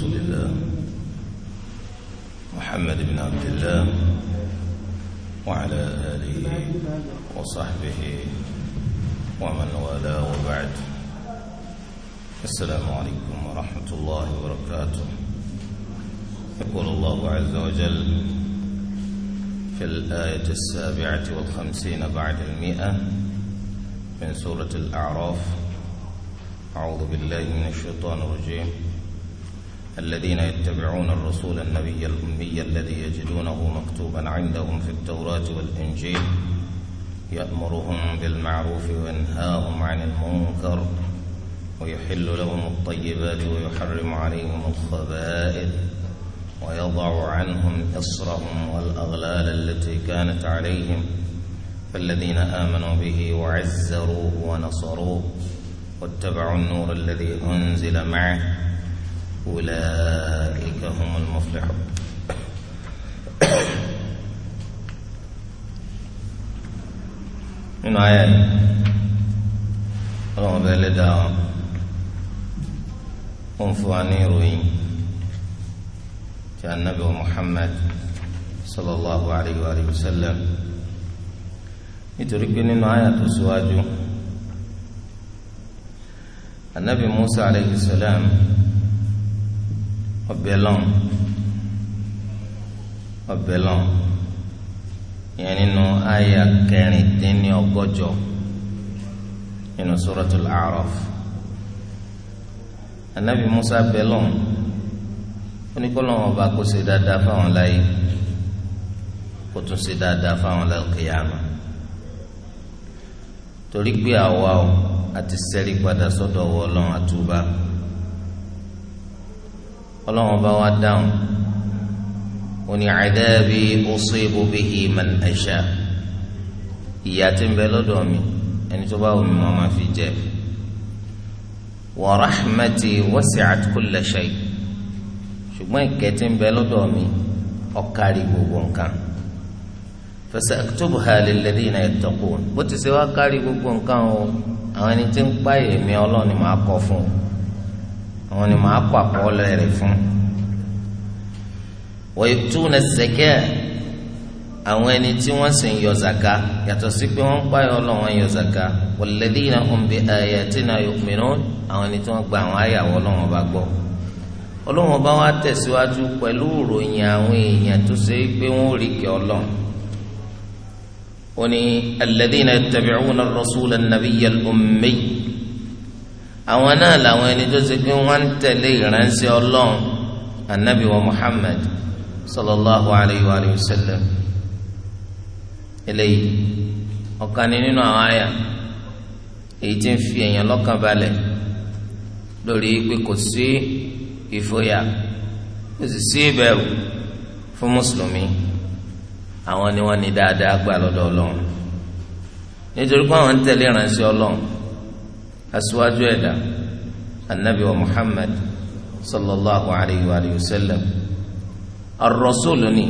رسول الله محمد بن عبد الله وعلى آله وصحبه ومن والاه وبعد السلام عليكم ورحمة الله وبركاته يقول الله عز وجل في الآية السابعة والخمسين بعد المئة من سورة الأعراف أعوذ بالله من الشيطان الرجيم الذين يتبعون الرسول النبي الأمي الذي يجدونه مكتوبا عندهم في التوراة والإنجيل يأمرهم بالمعروف وينهاهم عن المنكر ويحل لهم الطيبات ويحرم عليهم الخبائث ويضع عنهم إصرهم والأغلال التي كانت عليهم فالذين آمنوا به وعزروه ونصروه واتبعوا النور الذي أنزل معه أولئك هم المفلحون من آيات آية. رمى بلدا أنفواني روي كان النبي محمد صلى الله عليه وآله وسلم يتركني آيات سواجه النبي موسى عليه السلام ọbẹ̀ lọ́n ọbẹ̀ lọ́n ìyẹn nínú àyà kẹrìndínlọ́gọ́jọ nínú suratul A'raf anabi musa bẹ̀ lọ́n oníkọ́lọ́wọ́n ọba kó ṣe dáadáa fáwọn láyé kó tún ṣe dáadáa fáwọn lálùkìyàmà torí pé àwa o àti sẹ́rí padà sọ́dọ̀ ọwọ́ ọlọ́run àtúbà. So ọlọ́run bá wa dáhùn òní àdábì usibu bihi man asha ìyà tí ń bẹ lọ́dọ̀ mi ẹni tó bá wù mí wọ́n máa fi jẹ wa rahmati wasi'at kulla shay ṣùgbọ́n ìkẹ́ tí ń bẹ lọ́dọ̀ mi ó gbogbo nǹkan fasaktubuha lilladhina yattaqun bó ti ṣe wá kárí gbogbo nǹkan o àwọn ẹni tí ń páyè mi ọlọ́run ni màá fún un àwọn ni màá kọ àkọọ́lẹ̀ rẹ̀ fún wọ́n ètò ní sẹ́kẹ́ àwọn ẹni tí wọ́n sì ń yọ zaka yàtọ̀ sí pé wọ́n ń pààyàn ọlọ́wọ́n yọ zaka walladhina hum bi ayatina yu'minun àwọn ẹni tí wọ́n gba àwọn àyàwó ọlọ́wọ́n bá gbọ́ ọlọ́wọ́n bá wá tẹ̀síwájú pẹ̀lú ìròyìn àwọn èèyàn tó ṣe é pé wọ́n rí kí ọlọ́run ó ní alladhina yattabi'una ar àwọn náà làwọn ẹni tó ṣe pé wọ́n ń tẹ̀lé ìránṣẹ́ ọlọ́run anabi wa muhammad sallallahu alayhi wa sallam eléyìí ọ̀kan ni nínú àwọn àyà èyí tí ń fi èèyàn lọ́kàn balẹ̀ lórí pé kò sí ìfòyà kò sì sí ìbẹ̀rù fún mùsùlùmí àwọn ni wọ́n ní dáadáa gbà lọ́dọ̀ ọlọ́run nítorí pé àwọn ń tẹ̀lé ìránṣẹ́ ọlọ́run aṣíwájú ẹ̀dá anabi wa muhammad sallallahu alayhi wa sallam arọ́sọ́lù ni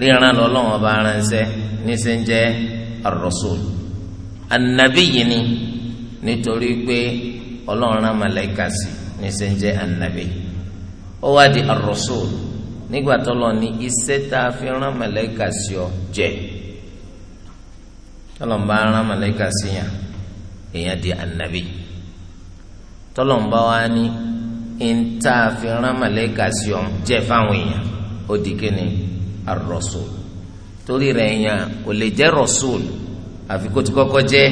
ríran lọ́lọ́wọ́n bá ránṣẹ́ níṣẹ́ ń jẹ́ arọ́sọ́lù anabi yìí ni nítorí pé ọlọ́run rán màláíkà sí níṣẹ́ ń jẹ́ anabi ó wá di arọ́sọ́lù nígbà tó lọ ní fi rán màláíkà ọ jẹ́ tọ́lọ́mbà rán màláíkà sí yàn èèyàn di ànábì tọlọmọba wa ni ìta àfihàn màlẹ́kà sí ọ̀hún jẹ́ fáwọn èèyàn ó di kíni ar-rasul torí rẹ̀ èèyàn ò lè jẹ́ rasul àfi kó ti kọ́kọ́ jẹ́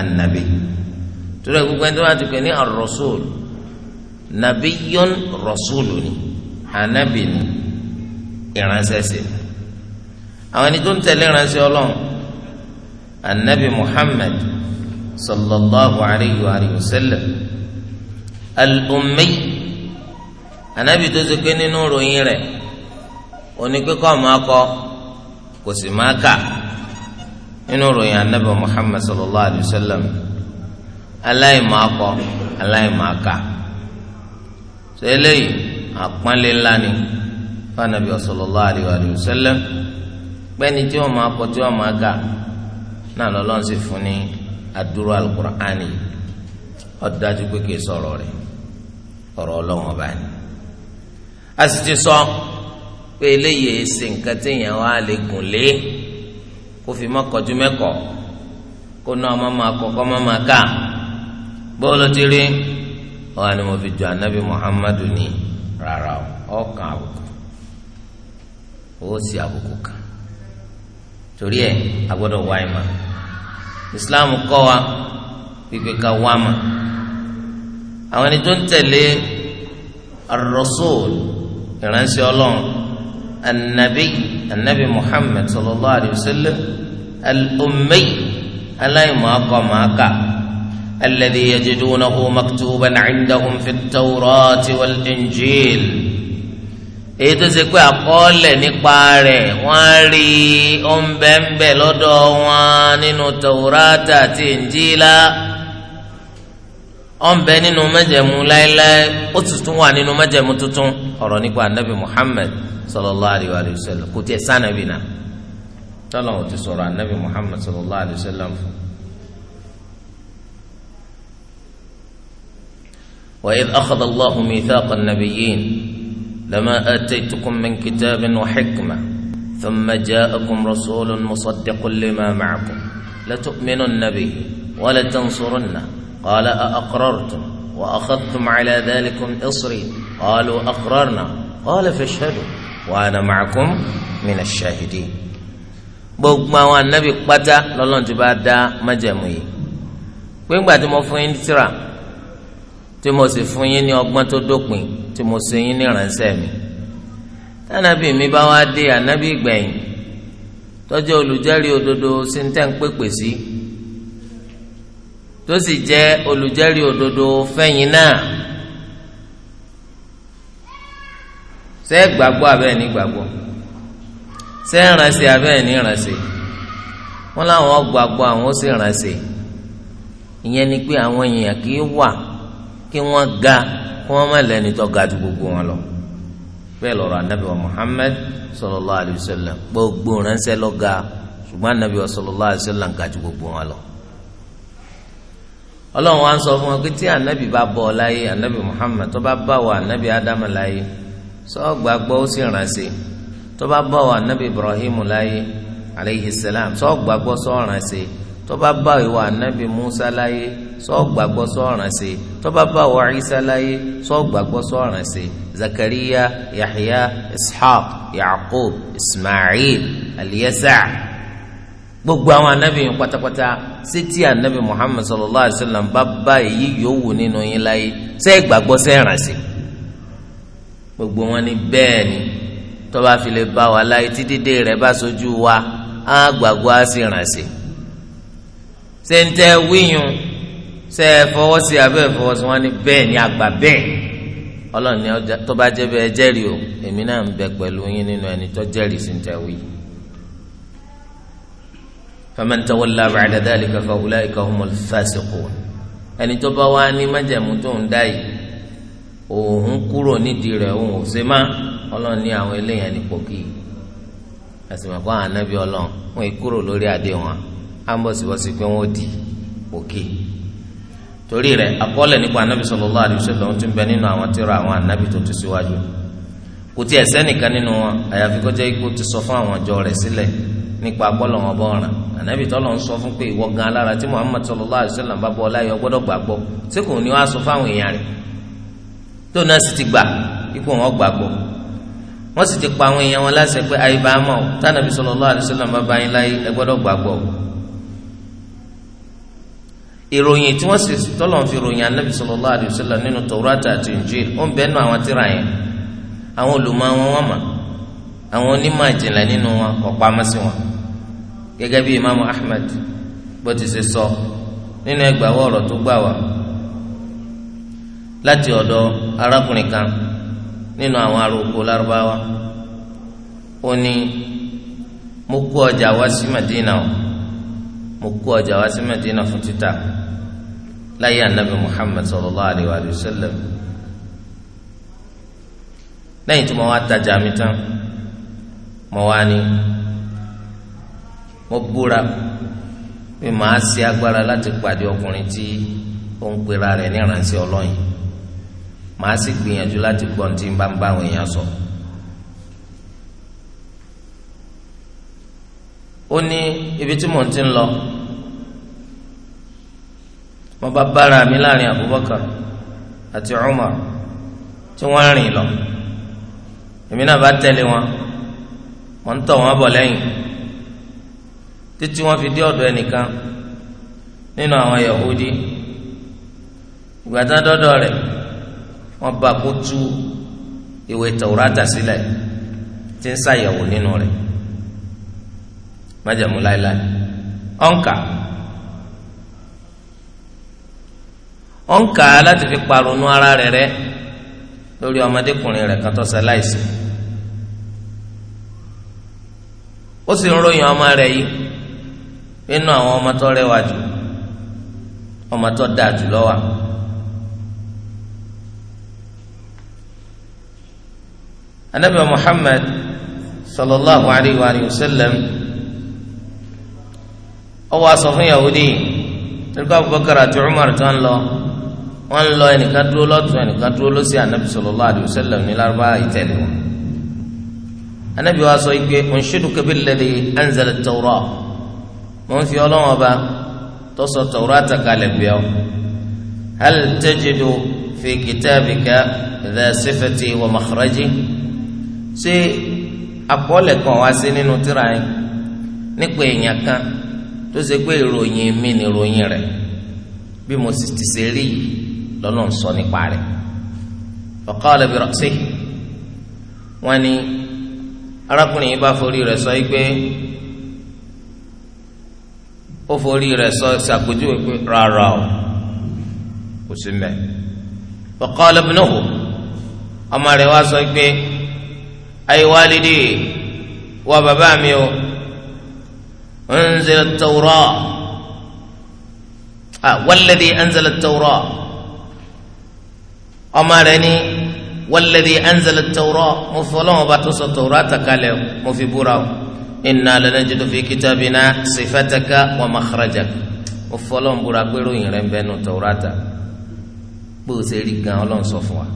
ànábì torí ẹ̀ gbogbo ẹni tó bá ti pè ní ar-rasul nabiyun rasulu ni ànábì ni ìránṣẹ́ sí àwọn ẹni tó ń tẹ̀lé ìránṣẹ́ ọlọ́run ànábì Muhammad. صلى الله عليه وآله وسلم الأمي Ànábì tó ṣe pé nínú ròyìn rẹ̀ oníkókó máa kọ kò sì máa kà nínú ròyìn Ànábì Muhammad sallallahu alayhi wa sallam aláìmáa kọ aláìmáa kà ṣe eléyìí àpọ́nlé ńlá ni fún Ànábì sallallahu alayhi wa sallam pẹ́ni tí wọ́n máa kọ tí wọ́n máa kà náà lọ́lọ́run sì fún ni adúró alukur'ani ọdájú pé kì í sọ̀rọ̀ rẹ̀ ọ̀rọ̀ ọlọ́wọ́n bá ní. a sì ti sọ pé eléyìí ṣe nǹkan téèyàn wá lè gùn lé kó fi mọ́kànjú mẹ́kọ̀ọ́ kó náà má máa kọ́kọ́ má máa ká bọ́ọ̀lù ti rí ọ̀hún ni mo fi jọ anabi muhammadu ní rárá ọ̀kan àbùkù ó sì àbùkù kan torí ẹ̀ a gbọ́dọ̀ wá ìmọ̀. islam kọ́ wa wípé ká wá mà àwọn ẹni tó ń tẹ̀lé ar-rasul ìránṣẹ́ ọlọ́run anabi anabi muhammed sallallahu alayhi wa sallam al-ummi aláìmọ̀ akọ̀ màákà. الذي يجدونه مكتوبا عندهم في التوراة والإنجيل èyí tó ṣe pé àkọọ́lẹ̀ nípa rẹ̀ wọ́n rí ọ̀nbẹ́ńbẹ́ lọ́dọ̀ wọn nínú tòwúrátà àti ìnjílá ọ̀nbẹ́ nínú májẹ̀mú láéláé ó tuntun wà nínú májẹ̀mú tuntun ọ̀rọ̀ nípa anabi muhammed sallallahu alayhi wa sallam kò tiẹ̀ sànàbì náà tọ́lọ̀ ò ti sọ̀rọ̀ anabi muhammed sallallahu alayhi wa sallam fún. وإذ أخذ الله ميثاق النبيين لما آتيتكم من كتاب وحكمة ثم جاءكم رسول مصدق لما معكم لتؤمنن به ولتنصرنه قال أأقررتم وأخذتم على ذلكم إصري قالوا أقررنا قال فاشهدوا وأنا معكم من الشاهدين gbogbo àwọn anabi pátá lọ́lọ́run ti bá dá májẹ̀mú yìí pé ńgbà tí mo fún yín ní tírà tí mo sì fún yín ní ọgbọ́n tó dópin tí mo ṣe yín ní ìránṣẹ́ mi tànàbí mi bá wá dé ànábì gbẹ̀yìn tó jẹ́ olùjẹ́rìí òdodo sí ní tẹ́ǹ pèpè sí tó sì jẹ́ olùjẹ́rìí òdodo fẹ́yìn náà ṣé gbàgbọ́ abẹ́ẹ̀ ní gbàgbọ́ ṣé ìránṣẹ́ abẹ́ẹ̀ ní ìránṣẹ́ wọn làwọn gbàgbọ́ àwọn ó sì ìránṣẹ́ ìyẹn ni pé àwọn èèyàn kì í wà kí wọ́n ga wọn má lẹni tó ga ju gbogbo wọn lọ bẹ́ẹ̀ lọ̀rọ̀ anabi wa muhammed sallallahu alayhi wa sallam gbogbo ránṣẹ́ ló ga ṣùgbọ́n anabi wa sallallahu alayhi wa sallam ga ju gbogbo wọn lọ. ọlọ́run wa ń sọ fún wọn pé tí anabi bá bọ̀ ọ láyé anabi muhammed tó bá bá wọ anabi adam láyé sọ́ọ̀gbà gbọ́ ó sì ránṣẹ́ tó bá bá wọ anabi ibrahim láyé aleyhi salam sọ́ọ̀gbà gbọ́ sọ́ọ̀ránṣẹ́. So tọba bá ìwà anabi musa láyé sọ gbàgbọ́ sọ̀ràn sí tọba bá ìwà isa láyé sọ gbàgbọ́ sọ̀ràn sí zakariya yahya ishaq yaqub ismail aliyasa gbogbo àwọn anabi yìí pátápátá sí tí anabi muhammad sallallahu alayhi wa sallam bá bá èyí yòówù nínú yín láyé ṣé gbàgbọ́ sẹ́ràn sí gbogbo wọn ni bẹ́ẹ̀ ni tọba fi bá wa láyé títí dé rẹ̀ bá sojú wa á gbàgbọ́ á sì ràn sí sẹ́ńtẹ́ wíyùn ṣe é fọwọ́ sí abẹ́ fọwọ́ sí wọn ni bẹ́ẹ̀ ni àgbà bẹ́ẹ̀ ọlọ́ọ̀ni tó bá jẹ́ bẹ́ẹ̀ jẹ́rìí o èmi náà ń bẹ pẹ̀lú yín nínú ẹni tó jẹ́rìí sí ń tẹ̀ wí. faman tawalla ba'da dhalika fa ulaika humul fasiqun ẹni tó bá wá ní májẹ̀mú tó ń dá yìí òun kúrò nídìí rẹ̀ òun ò ṣe má ọlọ́ọ̀ni àwọn eléyàn ní pòkì àsìmọ̀kọ́ àwọn anábì ọlọ́ọ̀ wọn kúrò á ń bọ̀sibọ̀si pé wọ́n di òkè torí rẹ̀ àkọọ́lẹ̀ nípa anabi sallallahu alaihi wasallam tún bẹ nínú àwọn tírà àwọn anabi tó ti síwájú kò tí ẹsẹ nìkan nínú wọn àyàfi kọjá ikú ti sọ fún àwọn àjọ rẹ̀ sílẹ̀ nípa bọlọ wọn bọ ọ̀ràn anabi tọlọ ń sọ fún pé ìwọ gan alára tí muhammad sallallahu alaihi wasallam bá bọ ọláyọ gbọ́dọ̀ gbàgbọ́ tí kò ní wàá sọ fún àwọn èèyàn rẹ̀ tó náà sì ti gbà ikú wọn gbàgbọ́ wọn sì ti pa àwọn èèyàn wọn láṣẹ pé àyíbá bá bá ìròyìn tí wọ́n sì tọ́lọ̀ fi ròyìn anabi sallallahu alayhi wa sallam nínú tawrata àti injil ó ń bẹ́ẹ̀ nù àwọn tíra yẹn àwọn olùmọ̀ àwọn wọn mà àwọn onímọ̀ ìjìnlẹ̀ nínú wọn kò pamọ́ wọn gẹ́gẹ́ bí imaamu ahmed bó ti ṣe sọ nínú ẹgbàáwọ̀ ọ̀rọ̀ tó gbà wá láti ọ̀dọ̀ arákùnrin kan nínú àwọn aróko lárúbáwá ó ní mo kó ọjà wá sí madina o mo kó ọjà wá sí madina fún títà láyé anabi muhammed sallallahu alayhi wa sallam lẹ́yìn tí mo wá tajà mi tán mo wá ní mo búra pé màá ṣe agbára láti pàdé ọkùnrin tí ó ń pera rẹ̀ ní ìránṣẹ́ ọlọ́yin màá sì gbìyànjú láti gbọ́ ní tí n bá ń bá àwọn èèyàn sọ. ó ní ibi tí mò ń ti ń lọ mo bá bára mi láàrin Abubakar àti Umar tí wọ́n rìn lọ èmi náà bá tẹ̀lé wọn mo ń tọ̀ wọ́n bọ̀ lẹ́yìn títí wọ́n fi dé ọ̀dọ̀ ẹnìkan nínú àwọn Yahudi ìgbà tán dọ́dọ̀ rẹ̀ bá kó tú ìwé Tàwùrátà sílẹ̀ tí ń ṣàyẹ̀wò nínú rẹ̀ májàmú láéláé ó ń kà á láti fi parunu ara rẹ̀ rẹ́ lórí ọmọdékùnrin rẹ̀ kan tó ṣe láìsí ó sì ń ròyìn ọmọ rẹ̀ yìí nínú àwọn ọmọ tó rẹwà jù ọmọ tó dáa jù lọ wà. anabi muhammad sallallahu alayhi wa sallam ó wá yahudi nígbà abubakar àti umar tó ń lọ wọ́n lọ ẹnìkan dúró lọ́tún ẹnìkan dúró lọ́sí anabi sallallahu alaihi wasallam ní larubá ìtẹ̀lé wọn anabi wa sọ ike unshiduka billadhi anzala at-tawrah mò ń fi ọlọ́wọ́n ba tó sọ tawrah àtàkàlẹ̀ bíọ́ hal tajidu fi kitabika dha sifati wa makhraji ṣé àkọọ́lẹ̀ kan wá sí nínú tírà yẹn nípa èèyàn kan tó ṣe pé ìròyìn mi ni ìròyìn rẹ̀ bí mo sì ti ṣe rí yìí lọ́lọ́ ń sọ nípa rẹ̀ faqala bi ra'sihi wọ́n ní arákùnrin yìí bá forí rẹ̀ sọ pé ó forí rẹ̀ sọ ṣàpèjúwe pé rárá o kò sí mẹ́ faqala ibnuhu ọmọ rẹ̀ wá sọ pé ay walidi wá bàbá mi o unzila at-Tawrah ah walladhi anzala at-Tawrah ọmọ rẹ ní walladhi anzala at-taura mo fi ọlọ́wọ́n bá tó sọ tawura àtàkálẹ̀ mo fi búra o inna lanajidu fi kitabina sifataka wa makhrajaka mo fi ọlọ́wọ́n búra pé ròyìn rẹ ń bẹ nù àtà pé o ṣe gan ọlọ́run sọ fún wa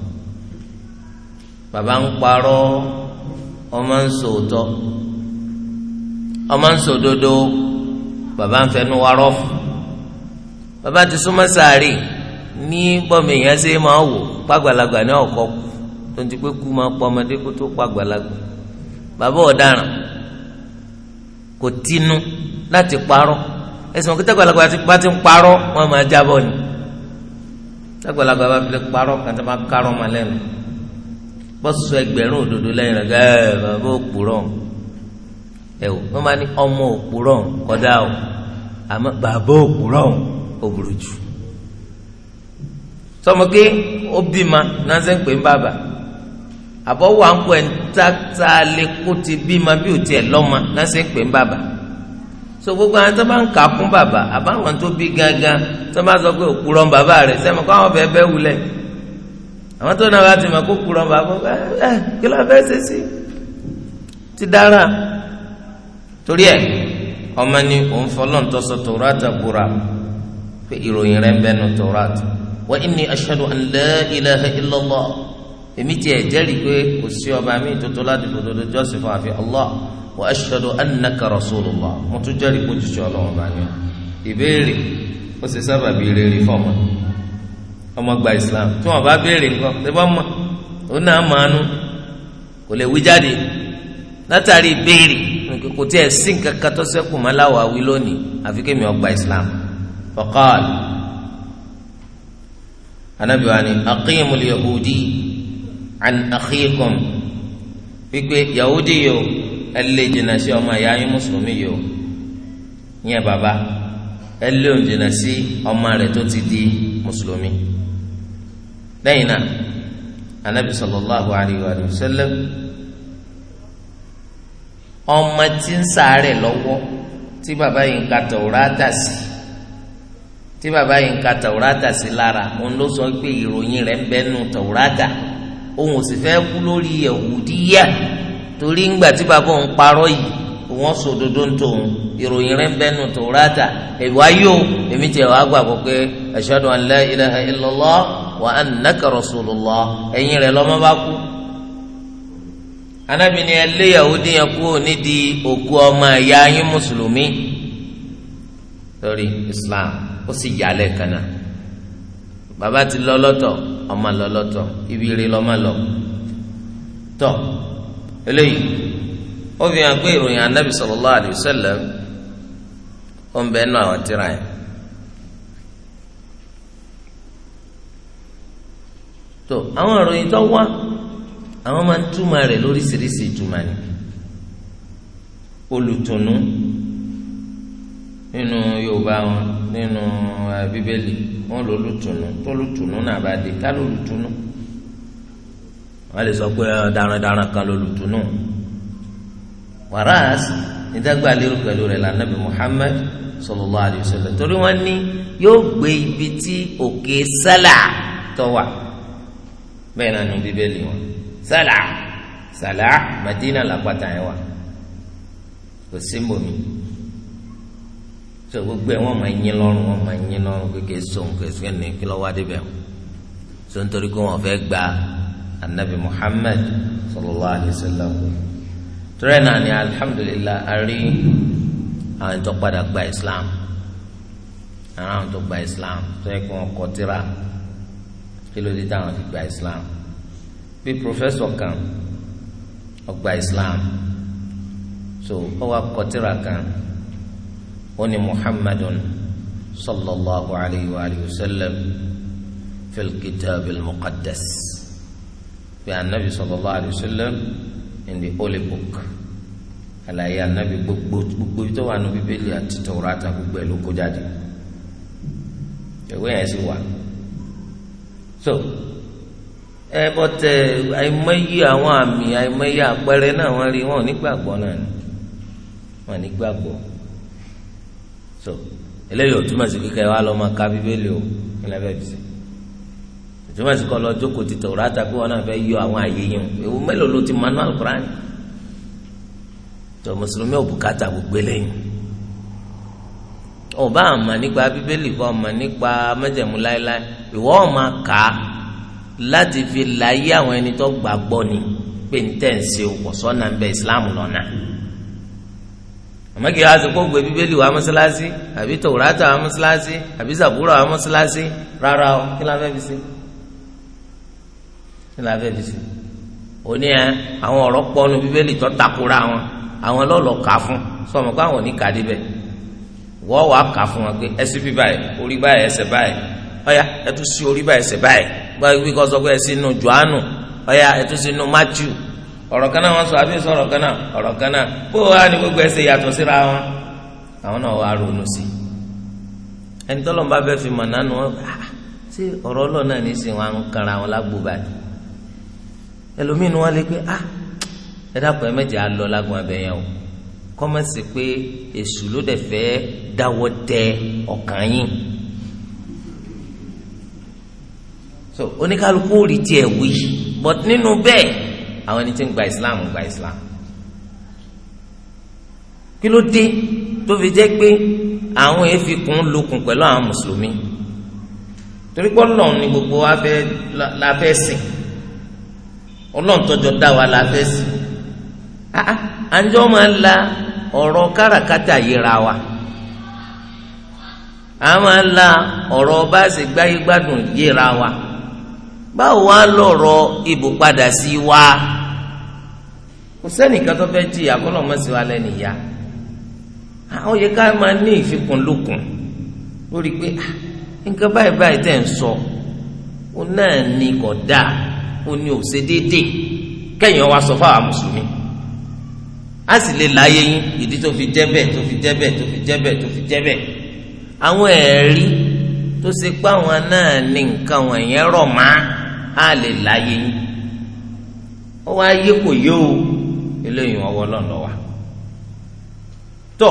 bàbá ń parọ́ ọmọ ń sòótọ́ ọmọ ń sòdodo bàbá ń fẹnu wa rọ́ọ̀fù bàbá ti súnmọ́ sàárì ní bọ́mọ èèyàn ṣe máa wò pàgbàlagbà ní ọ̀kọ́ kù tó ń ti pé kú máa pọ ọmọdé kó tó pàgbàlagbà bàbá ọ̀daràn kò tinú láti parọ́ ẹ̀sìn òkúta àgbàlagbà bá ti ń parọ́ wọ́n máa jábọ̀ ni àgbàlagbà bá fi parọ́ kàtà máa kárọ́ máa lẹ́nu bọ́sù ẹgbẹ̀rún òdodo lẹ́yìn rẹ̀ gẹ́ẹ́ bàbá òpùrọ̀ ẹ̀ wò wọ́n máa ní ọmọ òpùrọ̀ kọ́dá o àmọ́ bàbá òpùrọ̀ òbùrùjù sọmọ ké ó bímọ náà ṣe ń pè ń bàbà àbọ̀ wà ń pẹ́ ntàtà lè kó ti bímọ bí ò tiẹ̀ lọ́mọ náà ṣe ń pè ń bàbà so gbogbo àwọn tó bá ń kà fún bàbà àbáwọn tó bí gangan tó bá sọ pé òkúrọ̀ bàbá rẹ̀ sẹ́mi kó àwọn bẹ́ẹ̀ bẹ́ẹ̀ wulẹ̀ àwọn tó náà bá ti mọ̀ kó kúrọ̀ bàbá ẹ ẹ kí ló fẹ́ ṣe sí ti dára torí ẹ ọmọ ni òun fọlọ́ntọ́sọ tòrátà búra pé ìròyìn rẹ̀ ń bẹ́nu tòrátà wa inni ashhadu an la ilaha illallah èmi tiẹ̀ jẹ́rìí pé kò sí ọba mi tó tọ́ láti lòdòdó jọ́sìn fún àfi allah wa ashhadu annaka rasulullah mo tún jẹ́rìí kó jùṣe ọlọ́run bá yẹn ìbéèrè ó sì sábà bí rere fọmọ ọmọ gba islam tí wọn bá béèrè nǹkan ṣe bá mọ òun náà màánú kò lè wí jáde látàrí ìbéèrè kò tí sí nǹkan kan láwàá wí lónìí àfi kémi ọgbà islam faqal anabi wa ni aqimu yahudi an akhikum wípé yahudi yìí o ẹ lè jìnnà sí ọmọ ìyá yín mùsùlùmí yìí o yẹn bàbá ẹ lé òun jìnnà sí ọmọ rẹ̀ tó ti di mùsùlùmí lẹ́yìn náà anabi sallallahu alayhi wa sallam ọmọ tí ń sàárẹ̀ lọ́wọ́ tí bàbá yìí ń ka Tawrata sí tí bàbá yìí ń ka tàwùrátà sí lára òun ló sọ pé ìròyìn rẹ̀ ń bẹ nu tàwùrátà òun ò sì fẹ́ kú lórí Yẹ̀húdíyà torí ńgbà tí bàbá òun parọ́ yìí òun sọ òdodo ń tòun ìròyìn rẹ̀ ń bẹ nu tàwùrátà ẹ̀wá yóò èmi tiẹ̀ wá gbàgbọ́ pé ashhadu an la ilaha illallah wa annaka rasulullah ẹ̀yìn rẹ̀ lọ́mọ bá kú anabini ẹlẹ́ ó sì yà á lẹ́ẹ̀kan náà bàbá ti lọ lọ́tọ̀ ọmọ lọ lọ́tọ̀ ibi ire lọ́mọ lọ tọ́ eléyìí ó fi hàn pé ìròyìn anábì sallallahu alayhi ó ń bẹ nù àwọn tíra yẹn. tó àwọn ìròyìn tó wá àwọn máa ń túmọ̀ rẹ̀ lóríṣiríṣi ìtumọ̀ ni olùtùnú nínú Yorùbá wọn nínú eh, bíbélì wọn lò lùtùnú tó lùtùnú náà bá dé ká ló lùtùnú wọn lè sọ pé eh, darandaran kan ló lùtùnú wàrà nítagbà lérò pẹ̀lú rẹ̀ lànàbì Muhammad sallallahu alayhi wa sallam torí wọn ní yóò gbé ibi tí òkè sálà tó wà bẹ́ẹ̀ náà nù bíbélì wọn sálà sálà Madina làpàtà ẹ̀ wà kò sí mbòmí tó gbogbo ẹ wọn máa yín lọ́rùn wọn máa yín lọ́rùn kékeré sóhun kékeré ní kí lọ wá débẹ̀ tó ń torí wọn fẹ́ gba anabi muhammed sallallahu alayhi wa sallam torí náà ni alhamdulilah a rí àwọn tó padà gba islam àwọn tó gba islam tó yẹ kí wọn kọ tírà kí ló dé táwọn fi gba islam bí professor kan ọgbà islam so ó wá kọ kan ó ní muhammadun sallallahu alayhi wa alihi wa sallam fil kitab al muqaddas bí anabi sallallahu alayhi wa sallam in the holy book àlàyé anabi gbogbo gbogbo tó wà ní bíbélì àti tòwúrátà gbogbo ẹ̀ ló kó jáde ìwé yẹn sì wà so ẹ bọ tẹ àìmọye àwọn àmì àìmọye àpẹẹrẹ náà wọ́n rí wọn nígbàgbọ́ náà ni wọ́n nígbàgbọ́ so eléyìí ò túmọ̀ sí kíkẹ́ wa lọ́ọ́ máa ka bíbélì o nílẹ̀ bẹ́ẹ̀ bìsẹ̀ ìtumọ̀ sí kọ́ lọ jókòó ti tòwúrọ̀ àtà pé wọn náà fẹ́ yọ àwọn àyè yẹn ewu mélòó ló ti manual Quran tó mùsùlùmí ò bùkátà gbogbo eléyìí ọba àmà nípa bíbélì kọ́ ọmọ nípa mẹ́jẹ̀mú láéláé ìwọ ọmọ kà á láti fi láyé àwọn ẹni tó gbàgbọ́ ni pé ń tẹ̀ ń ṣe òpòsọ́nà ń bẹ ìsìláàmù lọ́nà àmọ́ kí a sọ pé gbé bíbélì wá mọ́sálásí àbí tòwúrátà wá mọ́sálásí àbí sàbúrò wá mọ́sálásí rárá o kí la fẹ́ fi sí kí la fẹ́ fi sí òní ẹ àwọn ọ̀rọ̀ pọ́nu bíbélì tó takora wọn àwọn lọ́lọ́ kà fún sọmọ pé àwọn ò ní kà débẹ̀ wọ́n wàá kà fún wọn pé ẹsẹ̀ bí báyìí orí báyìí ẹsẹ̀ báyìí ọ̀yà ẹtú sí orí báyìí ẹsẹ̀ báyìí báyìí wí kọ́ sọ pé ẹsẹ̀ inú Jòhánù ọ̀yà ẹtú sí inú Mátíù ọ̀rọ̀ kan náà wọ́n sọ àbí sọ̀rọ̀ kan náà ọ̀rọ̀ kan náà bó wà ní gbogbo ẹsẹ̀ yàtọ̀ síra wọn àwọn náà wà á ronú sí i ẹni tọ́lọ̀ ń bá fẹ́ fi mọ̀ nánú wọn ah, ṣé ọ̀rọ̀ ọlọ́ọ̀ náà ní sìn wọn à ń kanra wọn lágbo báyìí ẹlòmínú wọn lé pé ah ẹ dákun ẹ mẹ́jẹ̀ á lọ lágùn abẹ yẹn o kọ́mọ̀ sí pé èṣù ló dẹ̀ fẹ́ dáwọ́ tẹ ọ̀kàn yín so oníkálukú ò rí tiẹ̀ wí but nínú bẹ́ẹ̀ àwọn ẹni tí ń gba islam gba islam kí ló dé tó fi jẹ́ pé àwọn èéfì kún lukùn pẹ̀lú àwọn mùsùlùmí torí pé ọlọ́run ni gbogbo wa fẹ́ la fẹ́ sìn ọlọ́run tọ́jọ́ dá wa la fẹ́ sìn ah, ah, àǹjọ́ máa ń la ọ̀rọ̀ káràkátà yíra wa a máa ń la ọ̀rọ̀ bá gbáyé gbádùn yíra wa. báwo wá lọ̀rọ̀ ìbùpadà sí wa kò sẹ́nìkan tó fẹ́ jí àkọlọ́mọ́sí wa lẹ́nu ìyá àwọn yìí ká máa ní ìfikùnlukùn lórí pé ah, nǹkan báyìí báyìí tẹ̀ ń sọ ó náà ní kò dáa ó ní òsè ṣe déédéé kẹ́yìn wa sọ fáwọn mùsùlùmí a sì lè láyé yín ìdí tó fi jẹ́ bẹ́ẹ̀ tó fi jẹ́ bẹ́ẹ̀ tó fi jẹ́ bẹ́ẹ̀ tó fi jẹ́ bẹ́ẹ̀ àwọn ẹ̀rí tó ṣe pé àwọn náà ní nǹkan wọ̀nyẹn rọ̀ máa á lè láyé yín ó wá yé kò yé o eléyìí wọn wọ lọ́nà tọ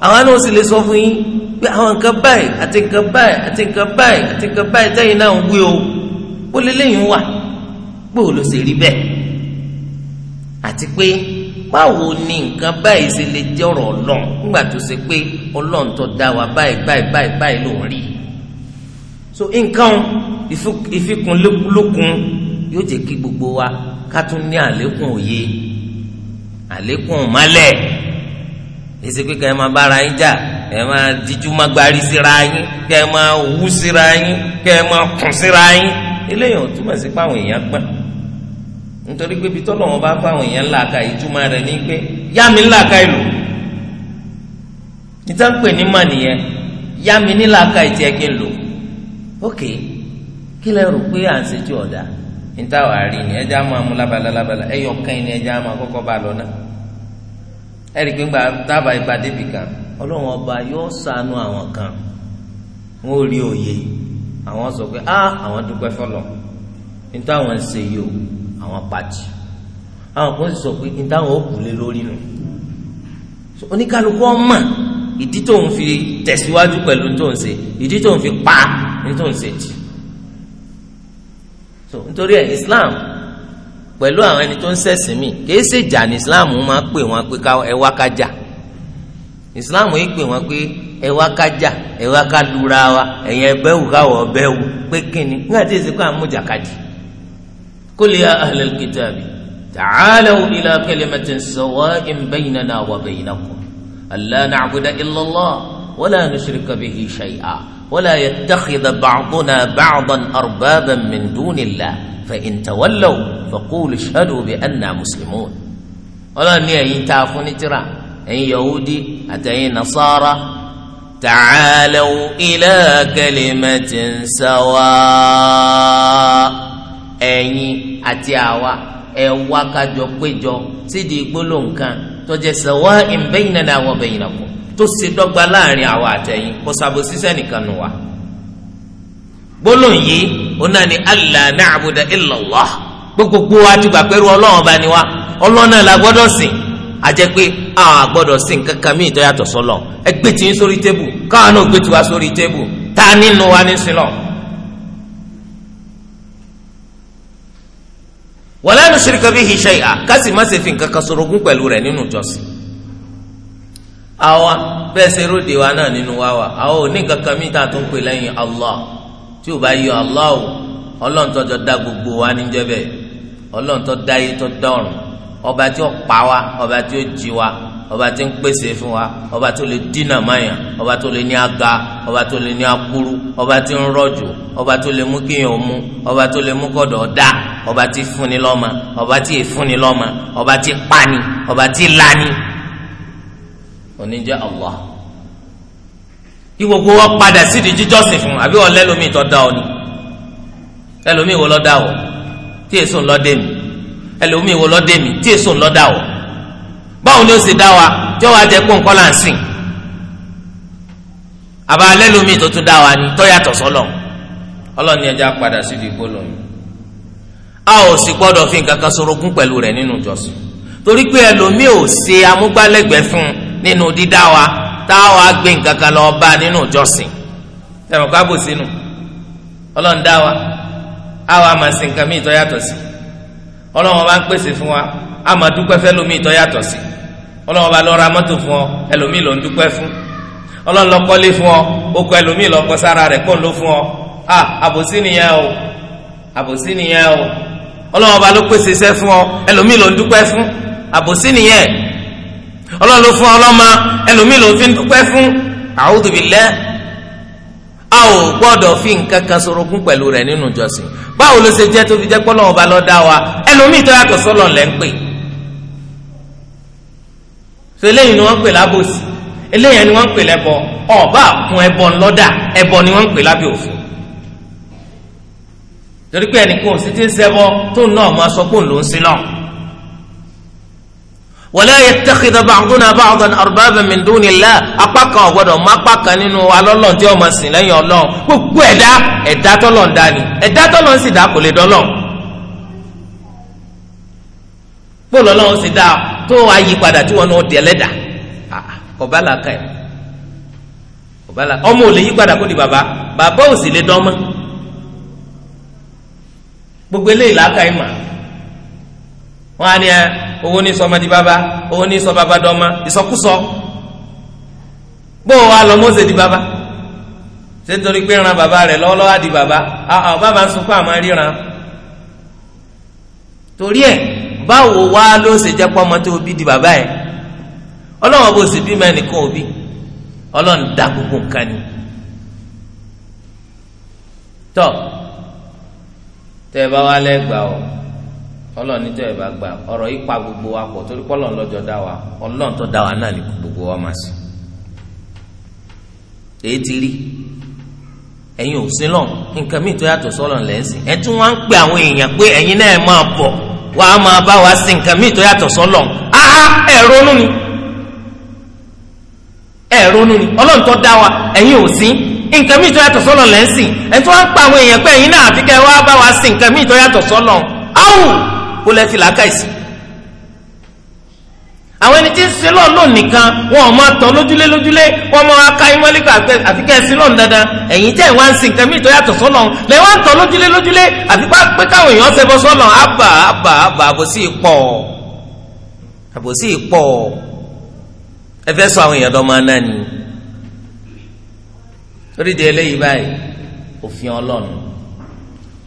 àwọn náà sì lè sọ fún yín pé àwọn nǹkan báyìí àti nǹkan báyìí àti nǹkan báyìí àti nǹkan báyìí tẹ́yìn náà ń wí o ó lè léyìn wà pé ò ló sì rí bẹ́ẹ̀ àti pé báwo ni nǹkan báyìí ṣe lè jẹ́ ọ̀rọ̀ ọlọ́run nígbà tó ṣe pé ọlọ́run tó dá wa báyìí báyìí báyìí báyìí ló rí i so nǹkan ìfikùnlókun yóò jẹ́ kí gbogbo wa ká tún ní àlékún òye àlékún mọ́lẹ̀ èsì pé kẹ́ ẹ máa bára yín jà kẹ́ ẹ máa díjú máa gbarí síra yín kẹ́ ẹ máa wú síra yín kẹ́ ẹ máa kùn síra yín eléyìí ò túmọ̀ sí pé àwọn èèyàn gbọ́n nítorí pé ibi tọ́lọ̀ wọn bá fáwọn èèyàn ńlá ìtumọ̀ rẹ̀ ní pé yá mi ńlá ìlú níta pè ní mà nìyẹn yá mi nílá ka ìtì ẹ̀kí lò ok kí lẹ rò pé à ń ṣètò ọ̀dà níta wà á rí ni ẹja máa mú lábala lábala ẹyọ kan ni ẹja máa kọ́kọ́ bá lọ náà ẹ̀rí pé ńgbà dábàá ìgbà débì kan ọlọ́run ọba yóò ṣàánú àwọn kan wọn ò rí òye àwọn sọ pé á àwọn dúpẹ́ fọlọ́ níta àwọn ń ṣe yìí o àwọn pàtì àwọn kan sì sọ pé níta àwọn ò kúlé lórí nù oníkálukú ọmọ ìdí tó ń fi tẹ̀síwájú pẹ̀lú tó ń ṣe ìdí tó ń fi pa á. ètò ìṣèjì so nítorí Islam pẹ̀lú àwọn ẹni tó ń ṣẹ̀sìn mi kìí ma ní Islam máa pè wọ́n pé ẹ wá kájà Islam yìí pè wọ́n pé ẹ wá kájà ẹ wá ká lura wa ẹ̀yin ẹbẹ́ wù káwọ̀ ọbẹ̀ wù pé nígbà tí èsì kọ́ wa Allah ولا يتخذ بعضنا بعضا أربابا من دون الله فإن تولوا فقولوا اشهدوا بأننا مسلمون ọlọ́run ní ẹ̀yin tá a fún ní tírà ẹ̀yin yahudi àtẹ̀yin nasara tàcálẹ̀wò ilé kẹlẹ́mẹ̀tì ń sáwá ẹ̀yin àti àwa ẹ̀ wá kájọ péjọ sídìí gbólóǹkan tó jẹ́ sáwá ìbẹ́yìn náà wọ́n bẹ̀yìn náà kù. tó ṣe dọ́gba láàrin àwa àtẹ̀yìn kò ṣàbòsí sẹ́nìkan nù gbólóhùn yìí ni allah na illallah gbogbogbò wa ti gbà pẹ̀lú ọlọ́run bá ni wa ọlọ́run la gbọ́dọ̀ sìn pé a sìn kankan míì tó yàtọ̀ sọ́lọ̀ ẹ gbé tiyín sórí tébù káwọn náà gbé taa sórí tébù ta nínú wa ní bihi kásì má fi nǹkan kan pẹ̀lú rẹ̀ nínú Awa bẹ́ẹ̀ ṣe róde wa náà nínú wa wa àwa ò ní kankan mi tá a tún pè lẹ́yìn Allah tí o bá yọ Allah o ọlọ́run tó da gbogbo wa níjẹ́ bẹ́ẹ̀ ọlọ́run tó da ayé tó dọ̀rùn ọba tí ó pa wa ọba tí ó jí wa ọba tí ń pèsè fún wa ọba tó lè dínà máyà ọba tó lè ní aga ọba tó lè ní akúrú ọba tí ń rọ̀jò ọba tó lè mú kéèyàn mú ọba tó lè mú kọ̀dọ̀ dá ọba tí fúnni lọ́mọ ọba tí èfúnni lọ́mọ ọba tí pani ọba tí lani oníjẹ Allah kí gbogbo wa padà sídìí jíjọ́sìn fún àbí wọn lẹ́lòmíì tó dá ọ ni ẹlòmíì wo lọ dá ọ tí èso ń lọ dé mi ẹlòmíì wo lọ dé mi tí èso ń lọ dá ọ báwo ni ó sì dá wa tí ó jẹ kó nǹkan là àbá lẹ́lòmíì tó tún dá wa ni tó yàtọ̀ sọ́lọ̀ ọlọ́ni ẹja padà sídìí gbólóhùn a ò sì gbọ́dọ̀ fi nǹkan kan sorogún pẹ̀lú rẹ̀ nínú ìjọsìn torí pé ẹlòmíì ò ṣe amúgbálẹ́gbẹ̀ẹ́ fún un nínú dídá wa táwa gbé nǹkan kan lọ bá nínú ìjọsìn tẹ̀wọ̀n ká bò sínú ọlọ́run dá wa àwa máa sin nǹkan míì tó yàtọ̀ sí ọlọ́run bá ń pèsè fún wa a máa dúpẹ́ fẹ́ lómii tó yàtọ̀ sí ọlọ́run bá lọ ra mọ́tò fún ọ ẹlòmíì ló ń dúpẹ́ fún ọlọ́run lọ kọ́lé fún ọ okò ẹlòmíì lọ kọ́ sára rẹ̀ kọ́ ló fún ọ àbòsí nìyẹn o àbòsí nìyẹn o ọlọ́run bá ló pèsè iṣẹ́ fún ọ ẹlòmíì ló ń dúpẹ́ fún àbòsí nìyẹn ọlọ́run ló fún ọlọ́mọ ẹlòmíì ló fi ń dúpẹ́ fún a'udhu billah a ò gbọ́dọ̀ fi nǹkan kan sorogún pẹ̀lú rẹ̀ nínú ìjọsìn báwo ló ṣe jẹ́ tó fi jẹ́ pọ́lọ́wọ́n ba ló dá wa ẹlòmíì tó yàtọ̀ sọ́lọ̀ lẹ́ ń pè so eléyìí ni wọ́n ń pè lábòsí eléyìí ni wọ́n ń pè lẹ́bọ ọba àkun ẹbọ ńlọ́dà ẹbọ ni wọ́n ń pè lábẹ́ òfin torí pé ẹnìkan ò sì ti ń ṣẹbọ tó náà máa sọ pé òun ló ń sin náà wala yattakhidha ba'duna ba'dan arbaban min dunillah apá kan ọ̀gbọ́dọ̀ mú apá kan nínú alọ́lọ́n tí ó máa sìn lẹ́yìn ọlọ́run gbogbo ẹ̀dá ẹ̀dá tọ́lọ̀ ń dání ẹ̀dá tọ́lọ̀ ń sì dá kò lè dọ́lọ̀ bóòlù ọlọ́run sì dá tó àyípadà tí wọn náà di ẹlẹ́dà kọ̀ọ̀bá làákà ẹ̀ kọ̀ọ̀bá làákà ọmọ ò lè yípadà kó di bàbá bàbá ò sì lè dán gbogbo eléyìí làákà ẹ̀ máa wọn á ní ẹ owó ní sọ ọmọdé bàbá owó ní sọ bàbá dọ́mọ ìsọkúsọ bó wá lọ mọ́sẹ̀ di bàbá ṣé nítorí pé ran bàbá rẹ̀ lọ́wọ́lọ́wọ́ á di bàbá àwọn bàbá ń sunkún àmọ́ ríran torí ẹ báwo wá ló ṣe jẹ́ pọ́ ọmọ tó ọlọ́run níjọ́ ìbá gba ọ̀rọ̀ yìí pa gbogbo wa pọ̀ torí pọ́lọ́n lọ́jọ́ dá wa ọlọ́run tó dá wa náà ní gbogbo wa máa sí. èyí ti rí ẹ̀yin ò sí lọ́n nǹkan mìíràn tó yàtọ̀ ẹ̀ àwọn èèyàn pé ẹ̀yin náà máa bọ̀ Wà á máa bá wa sí nǹkan mìíràn yàtọ̀ sọ́lọ̀. ẹ̀ tó ó lẹ́ fi làákàyèsí. àwọn ẹni tí ń sin lọ́ọ̀ lónìí nìkan wọn ò máa tọ́ lójúlé lójúlé wọn máa ka ìmọ̀lẹ́kọ̀ àfi kẹ́ ẹ sin lọ́ọ̀ dandan ẹ̀yin tẹ́ ẹ̀ wá ń sin nǹkan mìíràn tó yàtọ̀ sọ́lọ̀ lẹ́ wá ń tọ́ lójúlé lójúlé àfi pé káwọn èèyàn ṣẹbọ sọ́lọ̀ àbà àbà àbà àbòsí pọ̀ àbòsí pọ̀ ẹ fẹ́ sọ àwọn èèyàn dọ́ máa náà ni torí de eléyìí báyìí òfin ọlọ́run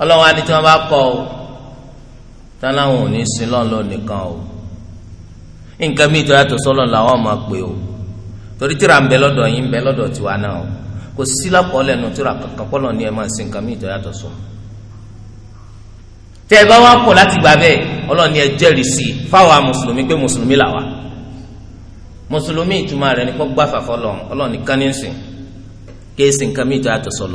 ọlọ́run á ní tí wọ́n bá kọ́ ọ táláwọn ò ní sin lọ́nlọ́ nìkan o nǹkan mi tó yàtọ̀ sọ́lọ́ làwọn máa pè o torí tíra ń bẹ lọ́dọ̀ yín ń bẹ lọ́dọ̀ tiwa náà o kò sí lápọ̀ọ́lẹ̀ nu tíra kankan pọ́lọ̀ ni ẹ máa sin nǹkan mi tó yàtọ̀ sọ tẹ ẹ bá wá pọ̀ láti gbà bẹ́ẹ̀ ọlọ́ni ẹ jẹ́rìí fáwọn mùsùlùmí pé mùsùlùmí làwa mùsùlùmí ìtumọ̀ rẹ̀ ni kó gbà fàfọ́ lọ́n ọlọ́ni kan ní nǹkan mi tó yàtọ̀ sọ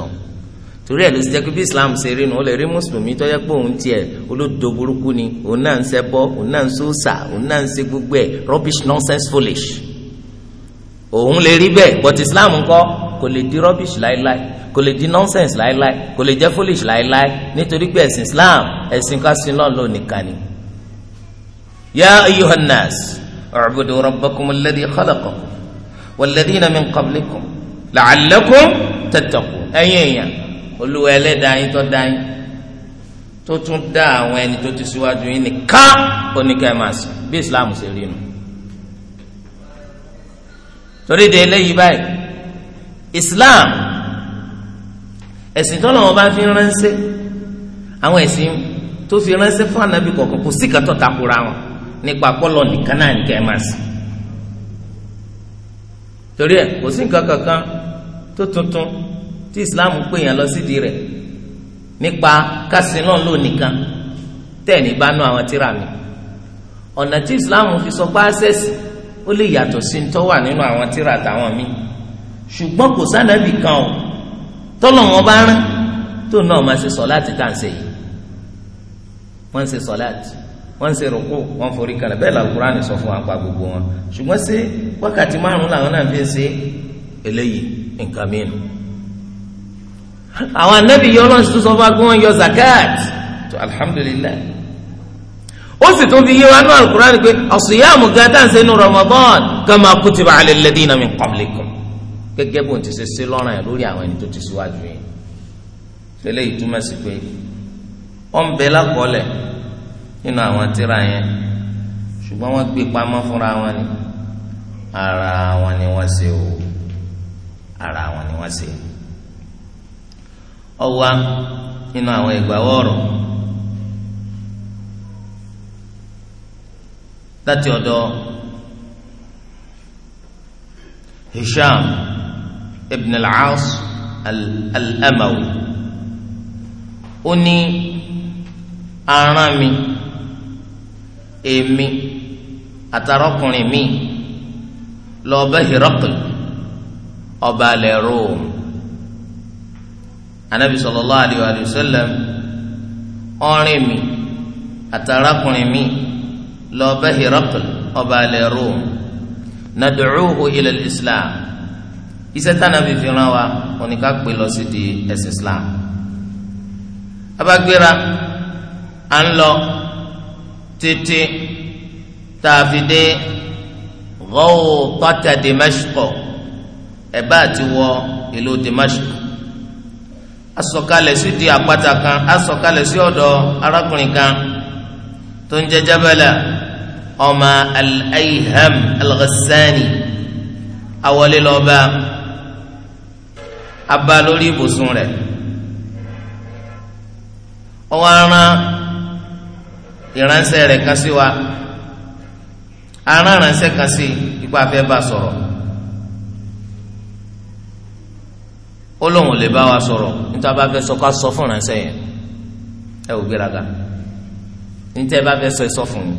torí ẹ̀ ló ti jẹ́ pé bí islam ṣe rí nu ó lè rí mùsùlùmí tó yẹ pé òun tiẹ̀ olódo burúkú ni òun náà ń ṣẹbọ òun náà ń sóòsà òun náà ń ṣe gbogbo ẹ̀ rubbish nonsense foolish òun lè rí bẹ́ẹ̀ but islam ńkọ́ kò lè di rubbish láéláé kò lè di nonsense láéláé kò lè jẹ́ foolish láéláé nítorí pé ẹ̀sìn islam ẹ̀sìn kásìn náà ló nìkan ni. ya ayyuhan nas u'budu rabbakum alladhi khalaqakum walladhina min qablikum la'allakum olúwa ẹlẹ́dàá yín tó dá yín tó tún dá àwọn ẹni tó ti síwájú yín nìkan oníkẹ́màsì bí islam ṣe rí nu. torí de eléyìí báyìí islam ẹ̀sìn tó lọ́wọ́ bá fi ránṣẹ́ àwọn ẹ̀sìn tó fi ránṣẹ́ fún anabi kọ̀ọ̀kan kò sí kàtọ́ takora wọn nípa pọ́lọ́ nìkan náà nìkẹ́màsì torí ẹ kò sí nǹkan kankan tó tuntun tí islam pè yàn lọ sídìí rẹ̀ nípa kásìlọ́n ló nìkan tẹ̀ẹ̀ní bá nú àwọn tíra mi ọ̀nà tí islam fi sọ pé àṣẹ̀sì ó lè yàtọ̀ sí tó wà nínú àwọn tíra àtàwọn míì ṣùgbọ́n kò sánàbì kan o tọ́lọ̀ wọn bá rán tó náà máa ṣe sọ̀láàtì tá à ń ṣe yìí wọ́n ń ṣe sọ̀láàtì wọ́n ń ṣe rúkú wọ́n forí kalẹ̀ bẹ́ẹ̀ la Kùránì sọ fún wa gbogbo wọn ṣùgbọ́n ṣé wákàtí márùn-ún làwọn náà fi ń ṣe eléyìí nǹkan mìíràn àwọn anabi yọ ọlọ́run tó sọ fún agbọ́n wọn yọ zakat tó alhamdulilayi ó sì tún fi yé wa nú alukur'an pé asiyamu gata ń sẹ́nu ramadan kama kutiba ala alladhina min qablikum gẹ́gẹ́ bó ti ṣe ṣe lọ́rùn yẹn lórí àwọn ẹni tó ti ṣíwájú yẹn fẹlẹ́ yìí túmọ̀ sí pé ó ń bẹ lákọọ́lẹ̀ nínú àwọn tíra yẹn ṣùgbọ́n wọ́n gbé pamọ́ fúnra wọn ni ara wọn ni wọ́n ṣe o ara wọn ni wọ́n ṣe o ọwa nínú àwọn ìgbàwọ ọ̀rọ̀ láti ọ̀dọ̀ Hisham ibn al-As al-Amawi ó ní aràn mi èmi àtàrọkùnrin mi lọ bẹ Hirakl ọba alẹ Róòmù anabi sallallahu alayhi wa sallam ọrin mi àtàràkùnrin mi lọ bá hirakul ọba alẹ rome nad'uhu ila islam iṣẹ́ tánàbí fi ràn wá oníkà pé lọ sí di ẹsìn islam abagbera à ń lọ títí tààfidé Ghawtata Dimashq ẹ̀ bá ti wọ ìlú Dimashq asọ̀kalẹ̀ sí di àpáta kan asọ̀kalẹ̀ sí ọ̀dọ̀ arákùnrin kan tó ń jẹ́ Jabala ọmọ al-Ayham al-Ghassani awọlé lọba abá lórí ibùsùn rẹ̀ ọwọ aràn ìránṣẹ́ rẹ̀ kan sí wa aràn ìránṣẹ́ kan sí ipa fẹ́ bá sọ̀rọ̀. ó lóun lè bá wa sọ̀rọ̀ níta bá fẹ́ sọ ká sọ fún ránṣẹ́ yẹn ẹ ò gbéraga níta bá fẹ́ sọ ẹ sọ fún mi.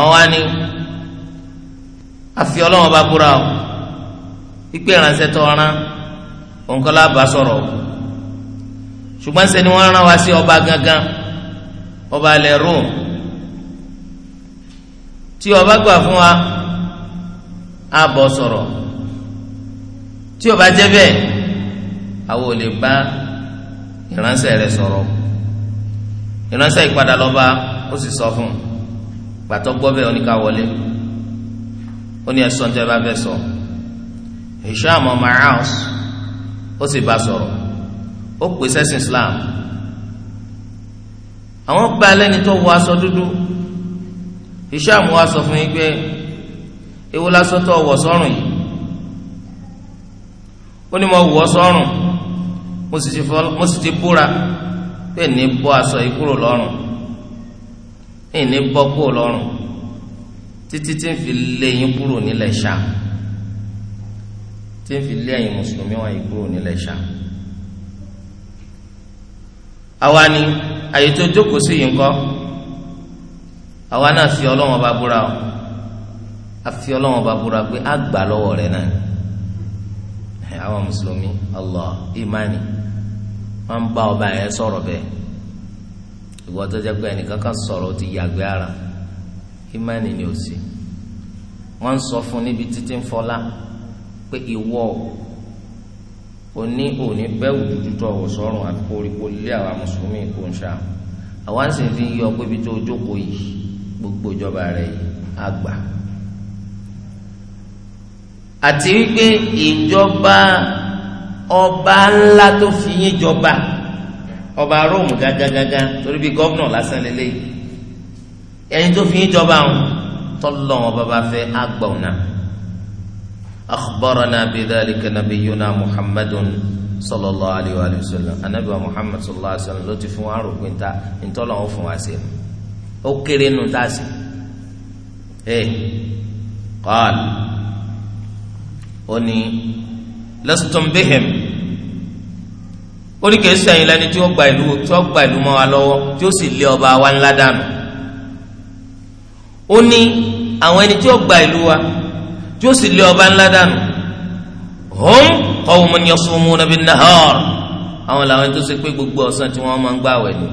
àwọn wa ni àfi ọlọ́wọ́n bá búra o ìpè ránṣẹ́ tó rán òǹkọ́ la bá sọ̀rọ̀ ṣùgbọ́n ṣe ni wọ́n rán wa sí ọba gangan ọba ilẹ̀ Rome tí ọba gbà fún wa á sọ̀rọ̀ tí o bá jẹ́ bẹ́ẹ̀ àwọn ò lè bá ìránṣẹ́ rẹ̀ sọ̀rọ̀ ìránṣẹ́ ìpadà lọ́ba ó sì sọ fún un gbàtọ́ gbọ́ bẹ́ẹ̀ oníkà wọlé ó ní ẹ̀sọ́ tẹ́ bá fẹ́ sọ Hisham ọmọ Aas ó sì bá sọ̀rọ̀ ó pè sẹ́sìn Islam àwọn gba lẹ́ni tó wọ aṣọ dúdú Hisham wá sọ fún yín pé ewu lásán tó wọ̀ sọ́rùn yìí ó ní mo wọ̀ ọ́ sọ́rùn mo sì ti búra pé ní bọ́ aṣọ yìí kúrò lọ́rùn ní ní bọ́ kúrò lọ́rùn títí tí ń fi lé yín kúrò nílẹ̀ Ṣam tí ń fi lé ẹ̀yin mùsùlùmí wọ̀nyí kúrò nílẹ̀ Ṣam. àwa ni àyè tó jókòó sí yìí ń kọ́ àwa náà fi Ọlọ́hun bá búra o a fi Ọlọ́hun bá búra pé a gbà lọ́wọ́ rẹ̀ náà ni. àwọn mùsùlùmí Allah imani wọn bá ọba yẹn sọrọ bẹ́ẹ̀ ìwọ tó jẹ́ pé ẹnìkan kan sọ̀rọ̀ ti yàgbé ara imani ni ò sí wọn sọ fún níbi títí ń fọlá pé ìwọ òní òní bẹ́ẹ̀ wù tó ọ̀wọ̀ sọ́run àti lé àwa mùsùlùmí kò ń fi yọ pé ibi tó o jókòó gbogbo ìjọba rẹ yìí á àti wípé ìjọba ọba ńlá tó fi yín jọba ọba Róòmù gágágágá torí bí gọ́vnà lásán lélẹ́yìí ẹni tó fi yín jọba àwọn tọ́lọ́ wọn bàbá fẹ́ àgbọ̀n náà. أخبرنا بذلك نبينا محمد صلى الله عليه وآله وسلم النبي محمد صلى الله عليه وسلم ló ti fún wa rò pé nta ntọ́ lọ́wọ́ fún wa sí i ó kéré nù tá a sì. قال ó ní lastum bihim ó ní kìí sẹ́yìn lẹ́ni tí ó gba ìlú tí ó gba ìlú mọ́ wa lọ́wọ́ tí ó sì lé ọba wa ńlá dànù ó ní àwọn ẹni tí ó gba ìlú wa tí ó sì lé ọba ńlá dànù hum qawmun yasumuna bin nahar àwọn làwọn tó ṣe pé gbogbo ọ̀sán tí wọ́n máa ń gbààwẹ̀ ni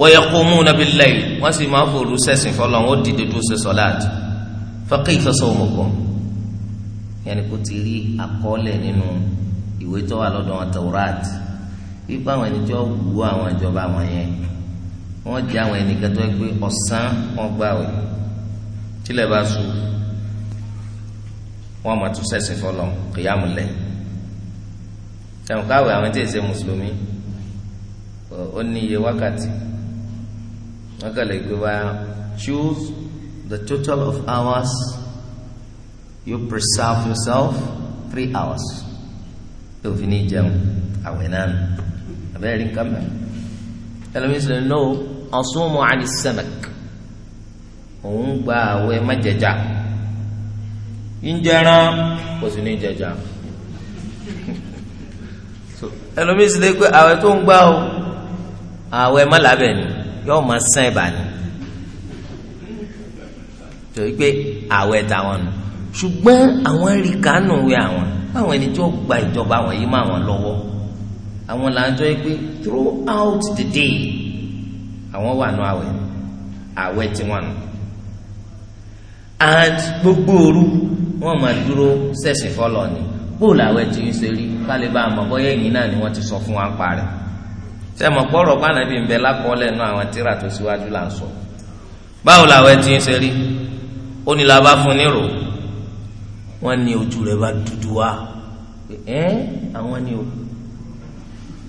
wa yaqumuna bil layl wọ́n sì máa fòrú sẹ́sìn fọlọ́ ó dìde tó ṣe sọ́láàtì fa kayfa sawmukum yẹn kó ti rí àkọọ́lẹ̀ nínú ìwé tó wà lọ́dọ̀ wọn taurat wípé àwọn ẹni tó wù àwọn ìjọba àwọn yẹn wọ́n jẹ́ àwọn ẹnìkan tó yẹ pé ọ̀sán wọn gbà wẹ̀ tílẹ̀ bá sùn wọ́n máa tún sẹ́sìn fọlọ́ kìyàmù lẹ̀ tẹ̀wọ̀n àwọn tí èsè mùsùlùmí ó ní iye wákàtí wákàtí lè gbé wá choose the total of hours you preserve yourself three hours tó fi ní jẹun àwẹ̀ náà abẹ́rẹ́ rí nǹkan mẹ́rin ẹlòmíín sọ no ọ̀sùnmọ̀ àní sẹ́mẹ̀k òun gba àwẹ̀ májẹ̀já ìjẹran kò sí ní jẹjà ẹlòmíín sọ pé àwẹ̀ tó ń gbà o àwẹ̀ mọ́làbẹ̀ ni yóò máa sàn ẹ̀ bá ní torí pé àwẹ̀ táwọn nù ṣùgbọ́n àwọn rí kánú wẹ àwọn báwọn ẹni tí wọ́n gba ìjọba àwọn yìí máa wọn lọ́wọ́ àwọn là ń pé throughout the day àwọn wà nù àwẹ̀ àwẹ̀ tí wọ́n nù and gbogbo òru wọ́n máa dúró sẹ̀sìn fọlọ́ ni bóòlù àwẹ̀ tí ń ṣe rí kálíbà àmọ́ bọ́yá ẹ̀yìn náà ni wọ́n ti sọ fún wa parẹ́ sẹ́mi ọ̀pọ̀rọ̀ pànàbí ń bẹ lákọ́ọ́lẹ̀ nù àwọn tíra tó síwájú là ń sọ báwo làwẹ̀ tí ń ṣe rí ó ní la bá fún nírò wọ́n ní ojú rẹ̀ bá dúdú wá ẹ àwọn ni o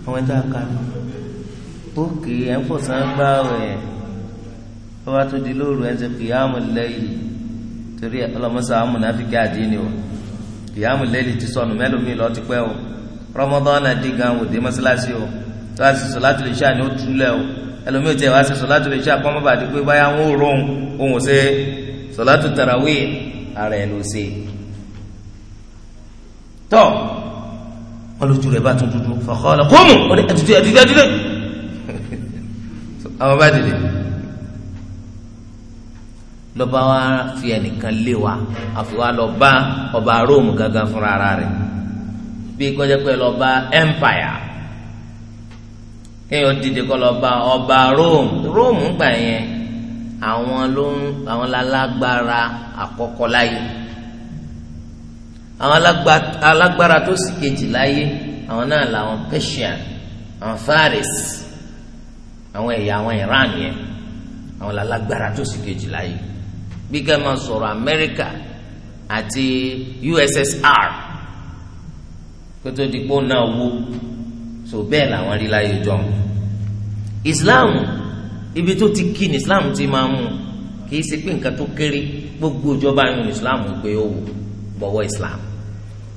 àwọn tá a kà lọ òkè ẹ ń fọsán gbá rẹ bàbá tó di lóru ẹ ń sẹ kìyàmù lẹ́yìn torí ọlọmọsà amúnáfíkì àdínì o kìyàmù lẹ́yìn ti sọnù mẹlòmíì lọ ti pẹ́ o rọmọdọ́nà dì gan wò dé mọ́sálásí o tó a sì sọ láti lè ṣáà ní ó túlẹ̀ o ẹlòmíì tẹ wá sí sọ láti lè ṣáà pọ́nmọ́bà àti pé báyà ń rò ohun òun ò ṣe sọ láti tarawih ara ẹ̀ ló ṣe tọ́ wọn lójú rẹ̀ bá tún dúdú fọ̀kọ́ lọ kó mú ọ ní ẹ̀dùdú ẹ̀dùdú ẹ̀dùdú àwọn bá dìde lọ́ba wa fi ẹnìkan lé wa àfi wa lọ bá ọba Róòmù gangan fúnra ara rẹ̀ bí kọjá pé lọ bá empire kéèyàn dìde kọ́ lọ bá ọba Róòmù Róòmù gbà yẹn àwọn ló ń àwọn lálágbára àkọ́kọ́ láyé. La àwọn alágbára tó sì kejì láyé àwọn náà làwọn Persian àwọn Faris àwọn ẹ̀yà àwọn Iran yẹn àwọn alágbára tó sì kejì láyé bí ká máa sọ̀rọ̀ Amẹ́ríkà àti USSR kótó dìpọ́ náà wó so bẹ́ẹ̀ làwọn rí láyé jọ Islam ibi tó ti kí ni Islam ti máa mú kì í ṣe pé nǹkan tó kéré gbogbo ìjọba yun Islam gbé owó bọ̀wọ̀ Islam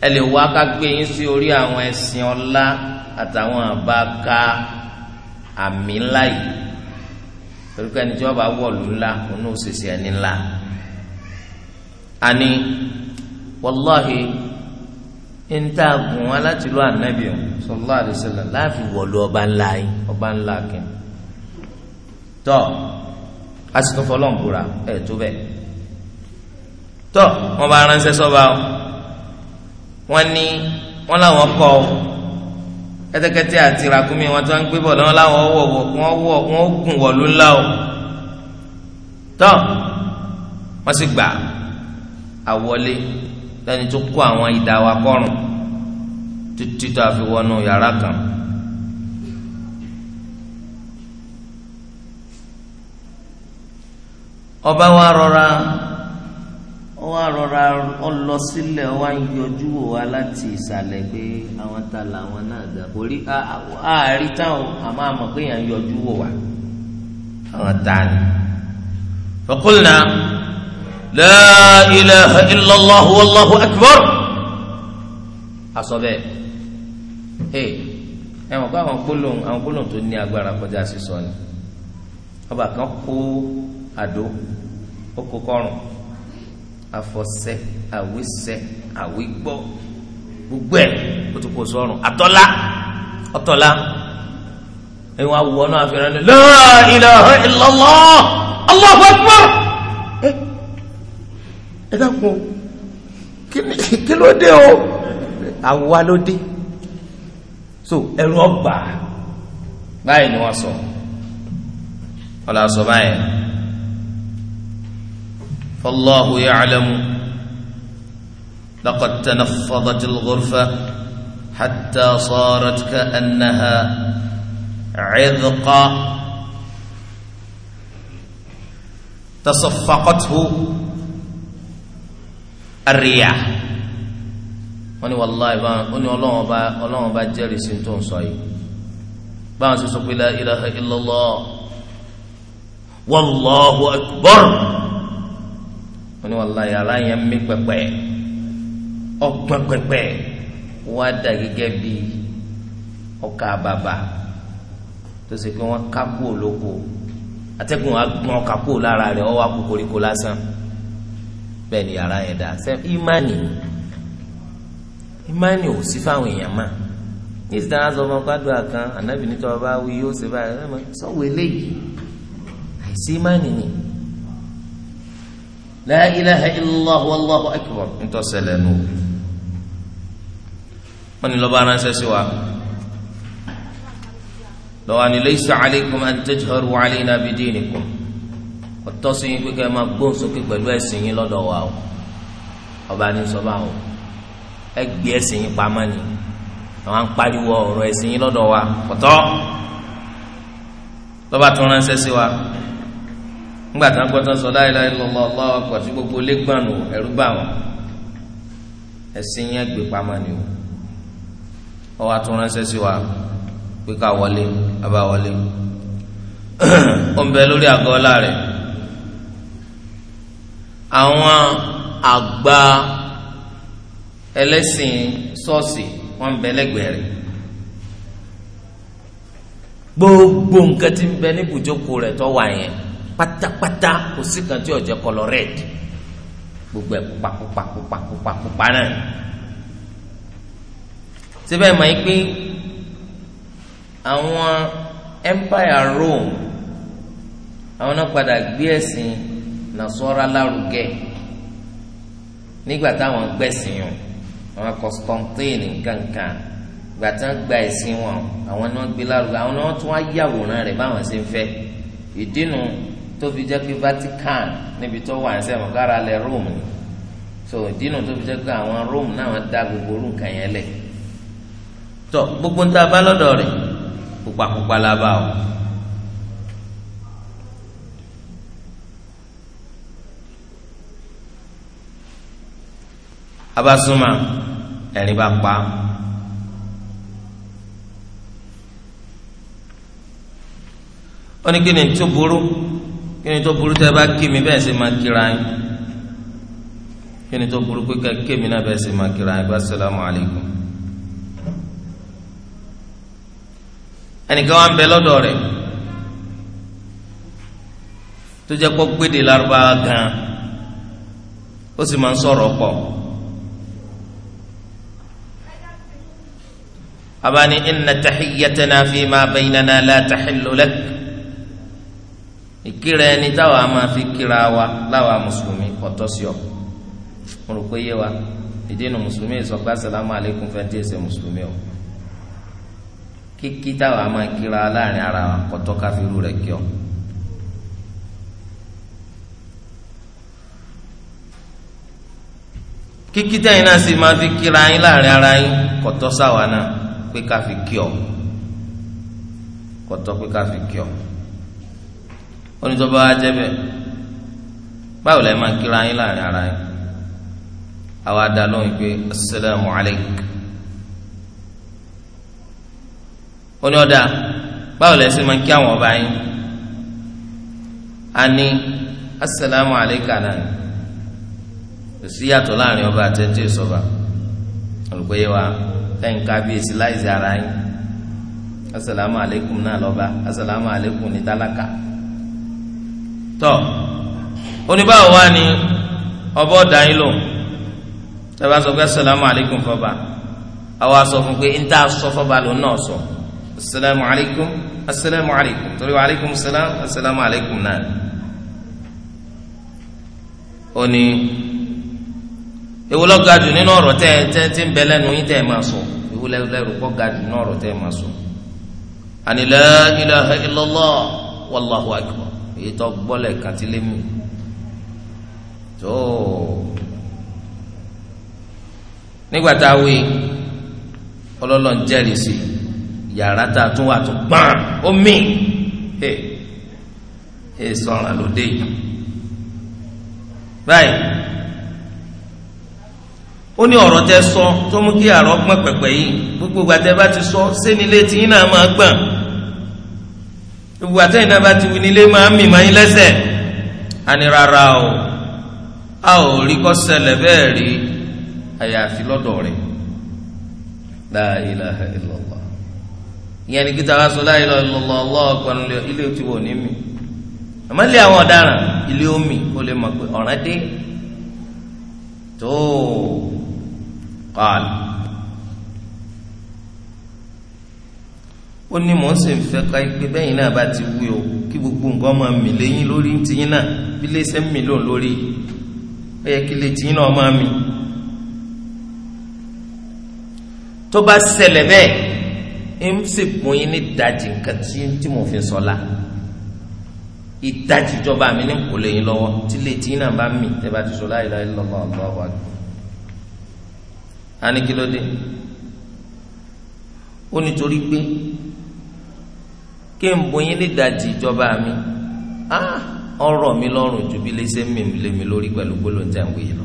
ẹ lè wá ká gbé yín sí orí àwọn ẹ̀sìn ọlá àtàwọn àbáka àmì ńlá yìí torí pé ẹni tí wọ́n bá wọ̀lú ńlá òun ò sì sí ẹni ńlá àní wàláhì ń tá a gùn wọn láti lọ ànábì ọ sallallahu alaihi láàfin wọ̀lú ọba ńlá yìí ọba ńlá kìí tọ asìkò fọlọ́ǹkura ẹ̀ tó bẹ́ẹ̀ tọ wọn bá ránṣẹ́ sọ́ba ọ wọ́n ní wọ́n làwọn kọ́ kẹ́tẹ́kẹ́tẹ́ àti ràkúnmí wọn tó ń gbé bọ̀ lọ́wọ́ làwọn wọ̀ wọ́n wọ̀ wọ́n gùn wọ̀ ló ńlá o tọ́ wọ́n sì gbà àwọlé lẹ́ni tó kó àwọn ìdá wa kọ́rùn títí tó a fi wọnú yàrá kan. ọba wa rọra wá rọra ọlọ sílẹ̀ wá yọjú wò wá láti ìsàlẹ̀ pé àwọn ta làwọn náà dà orí àárí táwọn àmọ́ àmọ́ pé yàn yọjú wò wá àwọn ta ni. فقلنا لا إله إلا الله والله أكبر ẹ mọ̀ pé àwọn gbólóhùn àwọn gbólóhùn tó ní agbára kọjá sísọ ni ọba kan kó àdó ó kó kọrùn afọsẹ àwísẹ àwígbọ gbogbo ẹ o ti kò sọrùn àtọlá ọtọlá ẹwọn awùwọ náà fi rán ní la ilaha illallah Allahu akbar ẹ ẹ dákun kí ló dé o àwa ló so ẹrù ọgbà báyìí ni wọn sọ ọlọ àṣọ báyìí. فالله يعلم لقد تنفضت الغرفة حتى صارت كأنها عذق تصفقته الرياح wọ́n ní wàláì wọ́n ní ọlọ́wọ́n bá ọlọ́wọ́n bá jẹ́rìí sí tó ń sọ yìí báwọn sọ sọ pé la ilaha illallah wallahu akbar wọn ni wàláyé aláyẹn mí pẹpẹ ọgbọn pẹpẹ wọn á dà gẹ́gẹ́ bí ọkà bàbà tó ṣe pé wọn ká kúò lóko atẹ́gùn agbọn ọkà kúò lára rẹ̀ ọwọ́ akókòríko lásán bẹ́ẹ̀ ni yàrá yẹn dà sẹ́ ìmánì ìmánì ò sí fáwọn èèyàn máa ní ìsìtàn aṣọ ọmọ gbàdúrà kan ànábì nítorí ọba wí yóò ṣe báyìí sọ wẹlé yìí àìsí ìmánì ni la ilaha illallah wallahu akbar ntọ́sẹ̀lẹ̀ nù. wọ́n ní lọ́ba aránṣẹ́ sí wa lọ́wọ́ ni laysa alaykum an tajharu alayna bidinikum ọ̀tọ́ sí yín kíkẹ́ máa gbóhùn sókè pẹ̀lú ẹ̀sìn yín lọ́dọ̀ wa o ọba ní sọ bá o ẹ gbé ẹ̀sìn yín pamọ́ ni àwọn pariwo ọ̀rọ̀ ẹ̀sìn yín lọ́dọ̀ wa ọ̀tọ́ lọ́ba tún ránṣẹ́ sí wa ńgbà tí wọn gbọ́ tán sọ láìláì lọ́lọ́ ọlọ́wọ́ pọ̀ tí gbogbo lẹ́gbọ̀nù ẹ̀rú bá wọn ẹ̀sìn yẹn gbé pamọ́ ni o ọwọ́ àtúnránṣẹ́ sí wa pé ká wọlé abá wọlé ó ń bẹ lórí àgọ́ ọlá rẹ̀ àwọn àgbà ẹlẹ́sìn ṣọ́ọ̀ṣì wọ́n ń bẹ lẹ́gbẹ̀ẹ́ rẹ̀ gbogbo nǹkan tí ń bẹ níbùjókòó rẹ̀ tó wà yẹn pátápátá kò sí kan tí ọ̀jẹ̀ kọlọ red gbogbo ẹ̀ pupapupapupapupa náà síbẹ̀ mọ̀ yín pé àwọn empire Rome àwọn náà padà gbé ẹ̀sìn nàṣọ́ra lárugẹ nígbà táwọn gbẹ̀sìn yàn àwọn Constantine kankan gbàtà gba ẹ̀sìn wọn àwọn náà gbé lárugẹ àwọn náà tún á yàwòrán rẹ̀ báwọn ṣe ń fẹ́ ìdínú. E tó fi pé Vatican níbi tó wà ń sẹ́wọ̀n lẹ Rome ni so dínà tó fi jẹ́ pé àwọn Rome náà da gbogbo orú nǹkan yẹn lẹ̀ tọ gbogbo ń ta bá lọ́dọ̀ rẹ̀ pupapupa la bá o. abasuma ẹni bá pa oníkíni tó burú kí ni tó burú tẹ́ bá kí mi bẹ́ẹ̀ sì máa kíra yín kí ni tó burú pé ká kí mi náà bẹ́ẹ̀ sì máa kíra yín bá sàlámù alaykum. ẹnìkan wà ń bẹ lọ́dọ̀ rẹ̀ tó jẹ́ kó gbéde lárúbáwá gan ó sì máa ń sọ̀rọ̀ pọ̀. abani inna tahiyyatana fi ma baynana la tahillu lak ìkíra ẹni táwa máa fi kíra wa láwa mùsùlùmí ọ̀tọ̀ sí ọ mo rò pé yé wa ìdínà mùsùlùmí sọ pé asàlámù alẹ́kùn fẹ́ tí mùsùlùmí o kíkí táwa máa kíra láàrin ara wa kọ̀tọ́ káfíru rẹ̀ kí ọ. kíkí tẹ́yìn náà sì máa fi kíra yín láàrin ara yín kọ̀tọ́ sáwa náà pé káfí kí ọ kọ̀tọ́ pé káfí kí ọ onítọ́ba wa jẹ́ bẹ́ẹ̀ báwo lẹ́ẹ̀ máa kíra yín láàrin ara yín àwa dá lóhùn pé asalaamu alaykum oní ọ̀dà báwo lẹ́ẹ̀ sì máa kí àwọn ọba yín a ní asalaamu alayka náà kò yàtọ̀ láàrin ọba àtẹ̀tẹ̀ sọba olùgbéyé wa lẹ́yìn kábíyèsí láìsí ara yín asalaamu alaykum náà lọ́ba asalaamu alaykum ní tálákà tọ́ oníbàwò wa ni ọba ọ̀dà yín lò tẹ́lá sọ pé assalamu alaikum fọba àwa sọ fún pé ń tà sọ fọba lò náà sọ assalamu alaikum assalamu alaikum torí wa alaikum salam assalamu alaikum náà ó ní ewu ló ga jù nínú ọ̀rọ̀ tẹ́ tẹ́ tí ń bẹ lẹ́nu yín tẹ́ ẹ máa sọ ewu lẹ́rù kọ́ ga nínú ọ̀rọ̀ tẹ́ ẹ máa sọ ani la ilaha illallah wallahu èyí tó gbọ́lẹ̀ kàtílémù tó nígbà tá a wí ọlọ́lọ́ ń jẹ́rìí sí yàrá tá a tún wà tó gbọ́n omi ẹ ẹ sọ̀rọ̀ lóde yìí báyìí ó ní ọ̀rọ̀ tẹ sọ tó mú kí àrọ́ gbọ́n pẹ̀pẹ̀ yìí gbogbo ìgbà bá ti sọ séni létí yín máa gbọ́n gbogbo àtẹ̀yìn náà bá ti wí nílé máa ń mì máa ń lẹ́sẹ̀ àní rárá o a ò rí kọ́ ṣẹlẹ̀ bẹ́ẹ̀ rí àyàfi lọ́dọ̀ rẹ̀ la ilaha illallah ìyẹn ni kíta wá sọ la ilaha illallah ilé tí wò ní mi àmọ́ ilé àwọn ọ̀daràn ilé omi kò lè mọ̀ pé ọ̀ràn dé tó kọ́ àlù. ó ní mò ń sì fẹ́ ká pé bẹ́yìn náà bá ti wí o kí gbogbo nǹkan máa mì léyìn lórí tìyín náà bí léṣẹ́ mì lòun lórí ó yẹ kí lè tìyín náà máa mì. tó bá ṣẹlẹ̀ bẹ́ẹ̀ ń sì pín yín ní ìdajì nǹkan tí mo fi sọ ìdajì ìjọba mi ní kò léyìn lọ́wọ́ tí lè tìyín náà bá mì tẹ́ bá ti sọ láyé láyé lọ́wọ́ ọ̀gá ọ̀gá. a ní kí ló dé ó ke n bóyin lè dajì ìjọba mi ọ̀rọ̀ ah, mi lọ́rùn ju bí léṣe mímu lé mi lórí pẹ̀lú gbólóńjà ń wéyìn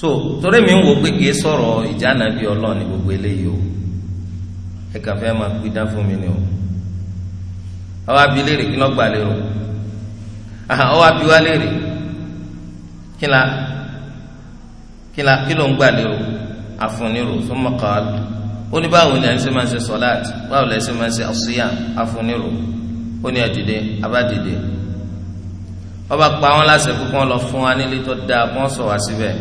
so torí mi ń wo sọ̀rọ̀ ìjánà gbogbo eléyìí o ẹ fẹ́ máa fún mi o bi léèrè kí lọ́ọ́ gbà lérò bi wá léèrè kí kí ló ń gbà lérò àfúnirò thumma qala ó ní báwo ni ẹ̀sìn máa ń ṣe sọ́láàt báwo ni ẹ̀sìn máa ń ṣe ọ̀ṣíyà àfúnirò ó ní ẹ̀dìdẹ abádìdẹ ọba pa wọn láṣẹ kó kán lọ fún wa nílé tó dáa kó wọn sọ wá síbẹ̀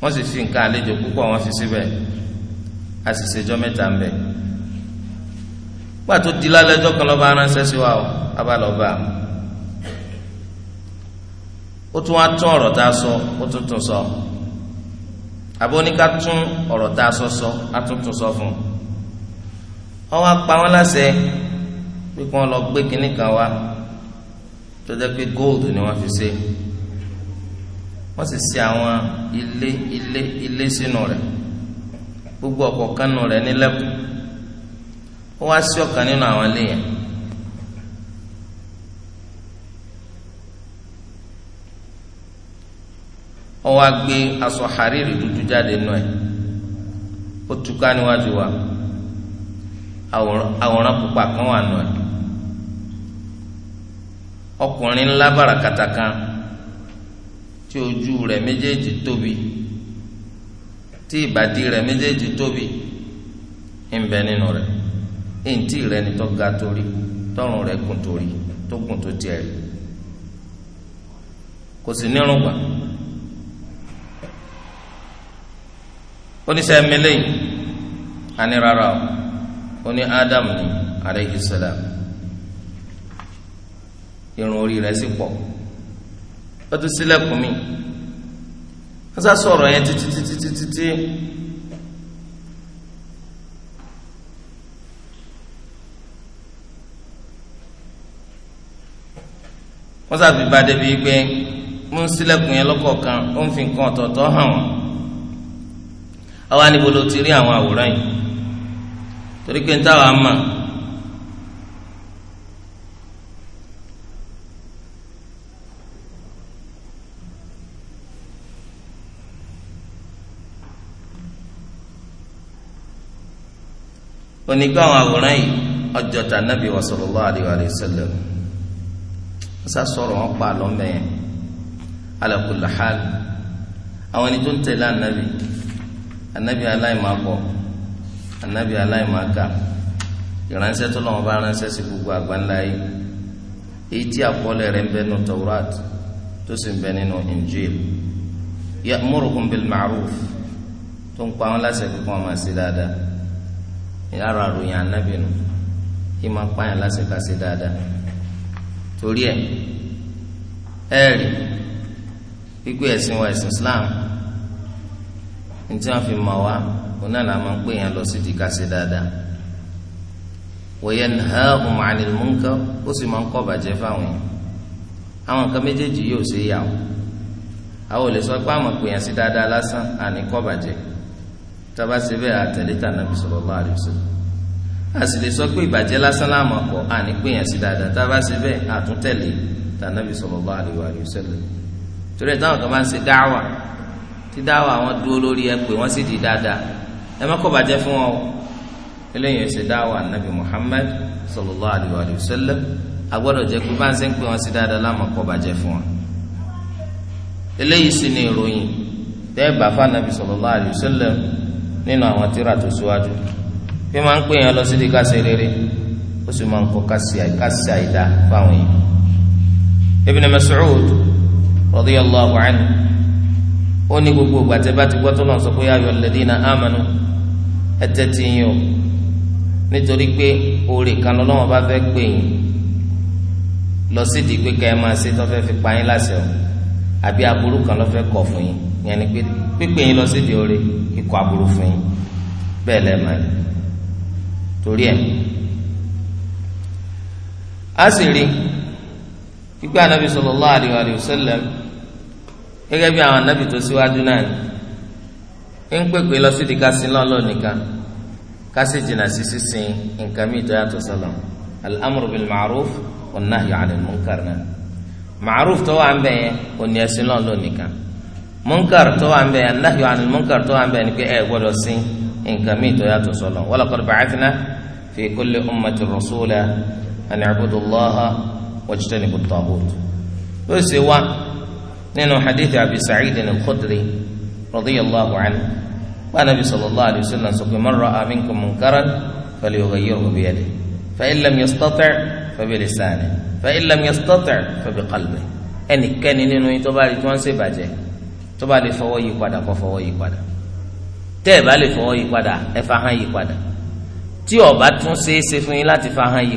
wọ́n sì fi nǹkan àlejò púpọ̀ wọ́n fi síbẹ̀ a sì ṣèjọ́ mẹ́ta ń bẹ̀ gbà tó kan lọ́ba aránṣẹ́ sí wa ọ abá ó tún wá tún ọ̀rọ̀ tá a sọ ó tún tún sọ àbí oníká tún ọ̀rọ̀ tá a sọ sọ á tún tún sọ fún un wọ́n wá pa wọ́n láṣẹ pé kí wọ́n lọ gbé kinní kan wá tó jẹ́ pé góòdù ni wọ́n fi ṣe wọ́n sì ṣe àwọn ilé ilé ilé sínú rẹ̀ gbogbo ọ̀kọ̀ọ̀kan nù rẹ̀ nílẹ̀kùn ó wá sí ọ̀kan nínú àwọn ilé yẹn. ó wá gbé aṣọ hariri dúdú jáde nù ẹ̀ ó túká níwájú wa àwòrán pupa kan wà nù ẹ̀ ọkùnrin ńlá bàràkàtà kan tí ojú rẹ méjèèjì tóbi tí ìbàdí rẹ méjèèjì tóbi ń bẹ nínú rẹ̀ èntì rẹ̀ ni tó ga torí tọrùn rẹ̀ kùn torí tó gùn tó tiẹ̀ kò sí nírùngbọ̀n. oníṣẹ́ mẹ́lẹ́ yìí àní rárá o oní Adam ni aleyhi salam irun orí rẹ̀ sì pọ̀ ó tún sílẹ̀kùn mi wọ́n sá sọ̀rọ̀ yẹn títí títí títí tí wọ́n sá fi bá débi gbé mú sílẹ̀kùn yẹn lọ́kọ̀ọ̀kan ó ń fi nǹkan ọ̀tọ̀ọ̀tọ̀ hàn wọ́n àwa níbo ló ti rí àwọn àwòrán yìí torí pé ń táwa mà onígbà àwọn àwòrán yìí ọjọ́ ta nàbí wa sallallahu alaihi wa sallam wọ́n sá sọ̀rọ̀ wọn pa àlọ́ mẹ́yẹn ala kulli hal àwọn ẹni tó ń tẹ̀lé ànábì anabi aláìmàkọ anabi aláìmàkà ìránṣẹ́ tó lọ́wọ́ bá ránṣẹ́ sí gbogbo àgbáńlá yìí èyí tí àkọọ́lẹ̀ rẹ̀ ń bẹ nínú taurat tó sì ń bẹ nínú injil ya'murukum bil ma'ruf tó ń pa wọn láṣẹ kí wọn máa ṣe dáadáa yàrá ròyìn anabi nù kí máa pààyàn láṣẹ ká ṣe dáadáa torí ẹ ẹ rí pípé ẹ̀sìn wa ẹ̀sìn islam ní tí wọ́n fi mọ̀ wá òun náà la máa ń pè yẹn lọ sí di kásẹ̀ dáadáa wa yanhahum 'anil munkar ó sì máa ń kọ́ bàjẹ́ fáwọn yẹn àwọn nǹkan méjèèjì yóò ṣe yà wọ́n àwọn olè sọ pé àwọn pè yẹn sí dáadáa lásán àní kọ́ bàjẹ́ tába ṣe bẹ́ẹ̀ àtẹ̀lé tà nàbì sallallahu alaihi wasallam a sì lè sọ pé ìbàjẹ́ lásán láàmú ọkọ̀ àní pé sí dáadáa tába ṣe bẹ́ẹ̀ àtúntẹ̀lé tà nàbì sallallahu alaihi wasallam torí ẹ̀ táwọn kan bá ń ṣe dáwà tí dáwà wọn dúró lórí ẹ pé wọn sì di dáadáa ẹ má kó bàjẹ́ fún wọn o eléyìí ẹsẹ dáwà nàbì Muhammad sallallahu alayhi wa sallam agbọ́dọ̀ jẹ́ pé báńsẹ ń pè wọn sí dáadáa láàmú kó bàjẹ́ fún wọn eléyìí sì ni ìròyìn tẹ́ bá fànàbì sallallahu alayhi wa sallam nínú àwọn tíra tó síwájú bí máa ń pè yẹn lọ sí di kásẹ̀ rere ó sì máa ń kọ́ kásẹ̀ àìdá fáwọn yìí Ibn Mas'ud radiyallahu anhu. ó ní gbogbo gbàtẹ́ bá ti gbọ́ tó lọ́n sọ pé ayọ̀ lẹ́dínà àmánú ẹ tẹ́tí yín o nítorí pé oore kan lọ́wọ́ bá fẹ́ pè yín lọ sídìí pé kẹ́ máa ṣe tó fẹ́ fi pa yín o àbí aburú kan lọ́ fẹ́ kọ̀ fún yín yẹn ni pé pípé yín lọ sídìí oore kíkọ̀ aburú fún yín bẹ́ẹ̀ lẹ́ẹ̀ máa yín torí ẹ̀ a sì rí anabi sallallahu alayhi wa gẹ́gẹ́ bí àwọn anábì tó síwájú náà ni ń pèpè lọ sí di kásí lọ́lọ́ nìkan kásí jìnnà sí sísìn nǹkan mìíràn tó yàtọ̀ sọ́lọ̀ al-amru bil ma'ruf wan nahyu 'anil munkar náà ma'ruf tó wà ń bẹ̀ yẹn kò ní lọ́lọ́ nìkan munkar tó wà ń bẹ̀ yẹn nahyu 'anil munkar tó wà ń bẹ̀ yẹn ni pé ẹ gbọ́dọ̀ sí nǹkan mìíràn tó yàtọ̀ sọ́lọ̀ wa laqad ba'athna fi kulli ummatin rasula an i'budu Allaha wajtanibu at-taghut nínú hadith abi sa'id al-khudri radiyallahu anhu wa nabi sallallahu alayhi wa sallam sọ pé man ra'a minkum munkaran falyughayyirhu biyadihi fa in lam yastati' fa bilisanihi fa in lam yastati' fa biqalbihi ẹnikẹ́ni nínú yín tó bá rí tí wọ́n ń ṣe bàjẹ́ tó bá lè fọwọ́ yí padà kó fọwọ́ yí padà tẹ́ ẹ̀ bá lè fọwọ́ yí padà ẹ fa hàn yí padà tí ó bá tún ṣeé ṣe fún yín láti fa hàn yí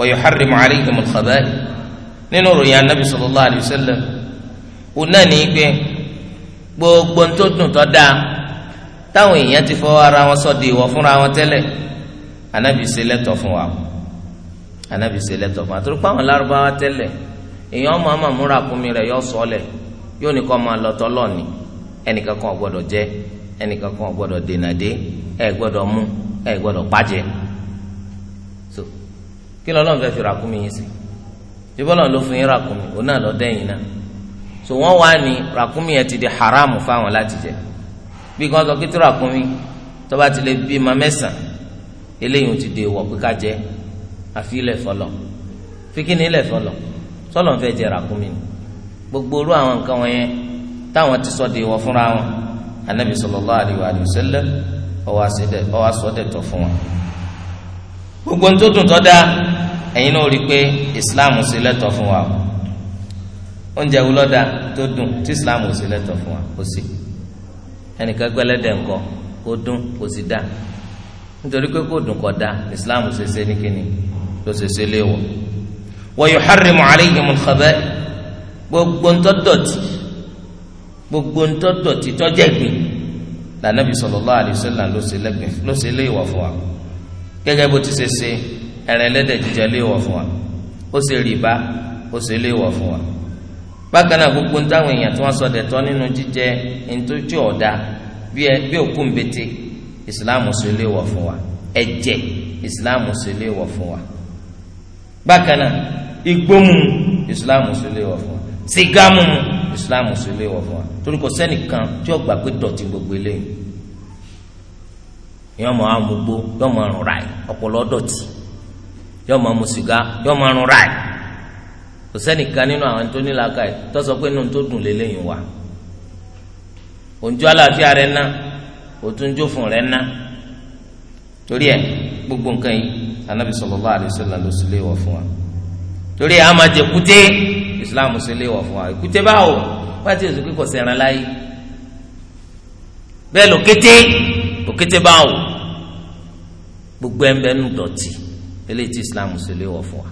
wa yuharrimu alayhim al-khaba'i nínú ròyìn anabi sallallahu alayhi wa sallam òun náà ní pé gbogbo ń tó dùn tó dáa táwọn èèyàn ti fọwọ́ ara wọn sọ di ìwọ fúnra wọn tẹ́lẹ̀ anabi ṣe lẹ́tọ̀ fún wa anabi ṣe lẹ́tọ̀ fún wa torí pàwọn lárúbáwá tẹ́lẹ̀ èèyàn ọmọ ọmọ múra kúmi rẹ̀ yọ sọ́ọ̀lẹ̀ yóò ní kọ́ máa lọ tọ́lọ́ ni ẹnìkan kan ò gbọ́dọ̀ jẹ ẹnìkan kan ò gbọ́dọ̀ dènà dé ẹ gbọ́dọ̀ mú ẹ gbọ́dọ̀ pàjẹ́ kí lọ́lọ́run fẹ́ fi ràkúnmí yín sí bí bọ́lọ́run ló fún yín ràkúnmí òun náà lọ dẹ́yìn náà so wọ́n wá ní ràkúnmí yẹn ti di haram fáwọn láti jẹ bí kan sọ kíkí ràkúnmí tó bá ti lè bí ma mẹ́sàn eléyìí ti di ìwọ̀ pípa jẹ àfi ilẹ̀ fọlọ̀ fíkínì ilẹ̀ fọlọ̀ sọlọ̀ ń fẹ́ jẹ ràkúnmí ni gbogbo orú àwọn nǹkan wọn yẹn táwọn ti sọ di ìwọ̀ fúnra wọn anabi sallallahu alaihi wa sallam ọwọ́ àsọdẹ̀ tọ̀ fún wọn gbogbo ní tó dùn tó dáa ẹ̀yin náà rí i pé islam ṣe lẹ́tọ̀ fún wa o oúnjẹ wo lọ́dà tó dùn tí islam ò ṣe lẹ́tọ̀ fún wa kò sí ẹnìkan gbẹ́lẹ́dẹ̀ ńkọ́ kó dùn kó sì dáa nítorí pé kó dùn kọ́ dáa islam ṣe ṣe ní kíni ló ṣe ṣe léwọ̀ wa yuharrimu alayhimul khaba'i gbogbo ńtọ́ dọ̀tí gbogbo ńtọ́ dọ̀tí tọ́jẹ́ gbìn lànà bí sallallahu alayhi wasallam ló ṣe léwọ̀ fún wa gẹ́gẹ́ bó ti ṣe ṣe ẹran ẹlẹ́dẹ̀ jíjẹ léèwọ̀ fún wa ó ṣe rìbá ó ṣe léèwọ̀ fún wa bákan náà gbogbo ń táwọn èèyàn tí wọ́n sọ dẹ̀tọ́ nínú jíjẹ ntòjú ọ̀dà bí òkú ńbete islam ṣe léèwọ̀ fún wa ẹ̀jẹ̀ islam ṣe léèwọ̀ fún wa bákan náà igbó islam ṣe léèwọ̀ fún wa sìgá islam ṣe léèwọ̀ fún wa torí kò sẹ́nìkan tí ó gbà pé dọ̀tí gbogbo eléyìí yọọ mọ amugbo yọọ mọ arùn ráì ọpọlọ dọ̀tí yọọ mọ mu sìgá yọọ mọ arùn ráì kò sẹ́nìkan nínú àwọn tó ní làákà yìí tó sọ pé inú tó dùn lélẹ́yìn wa òǹjọ́ àlàáfíà rẹ̀ ná òtúnjọ́ fún rẹ̀ ná torí ẹ̀ gbogbo nǹkan yìí anabi sallallahu alaihi wasallam ló sì léwọ̀ fún wa torí ẹ̀ àmàjẹ kúté islam sì léwọ̀ fún wa kúté báwo wọ́n ti kò sẹ́ran láyé bẹ́ẹ̀ lòkété lòkété báwo gbogbo ẹnbẹ nù dọ̀tí eléyìí tí islam sì lè wọ̀ fún wa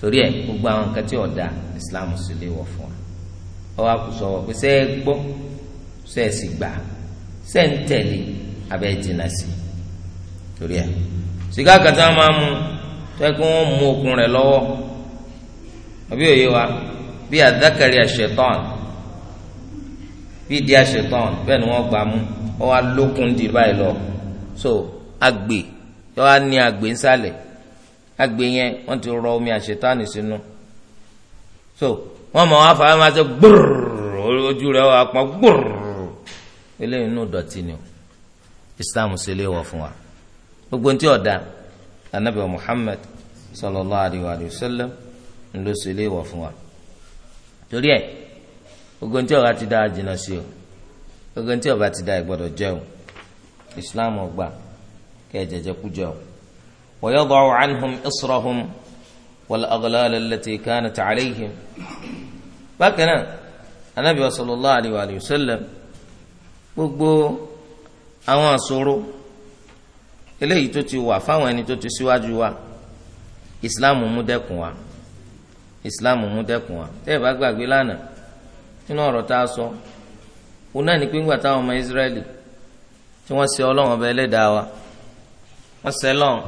torí ẹ gbogbo àwọn nǹkan tí ọ̀dà islam sì lè wọ̀ fún wa ọwọ́ àkùsọ̀ wọ̀ pé sẹ́ ẹ gbọ́ sẹ́ ẹ sì gbà sẹ́ ń tẹ̀lé abẹ́ jìnnà sí torí ẹ sìgá kàtà máa mu tó ẹ kí wọ́n mú okùn rẹ̀ lọ́wọ́ àbí òye wa bí àdákàrí àṣetán bí di àṣetán bẹ́ẹ̀ ni wọ́n gbà mú ọ wá di báyìí lọ so agbè yọ wá ní agbè nsàlẹ̀ agbè yẹn wọ́n ti rọ omi àṣetánì sínú so wọ́n mọ̀ wá fàá máa ṣe gbòòrò ojú rẹ̀ wà pọ̀ gbòòrò eléyìí inú dọ̀tí ni Islam ṣe lè wọ̀ fún wa gbogbo Muhammad sallallahu alayhi wa sallam ṣe wọ̀ fún wa torí ti dá jìnnà sí o gbogbo ti dá kẹ́ jẹjẹ kújẹ o wa yada'u anhum israhum wal aghlal allati kanat alayhim bákan náà anabi wa sallallahu alayhi wa sallam gbogbo àwọn àṣòro eléyìí tó ti wà fáwọn ẹni tó ti síwájú wa ìsìláàmù mú dẹ́kun wa ìsìláàmù mú dẹ́kun wa tẹ́ ẹ bá gbàgbé lánàá nínú ọ̀rọ̀ tá a sọ òun náà ní pé ńgbà ọmọ ìsírẹ́lì tí wọ́n ṣe ọlọ́wọ́n ọba ẹlẹ́dàá wa ọsẹ lọn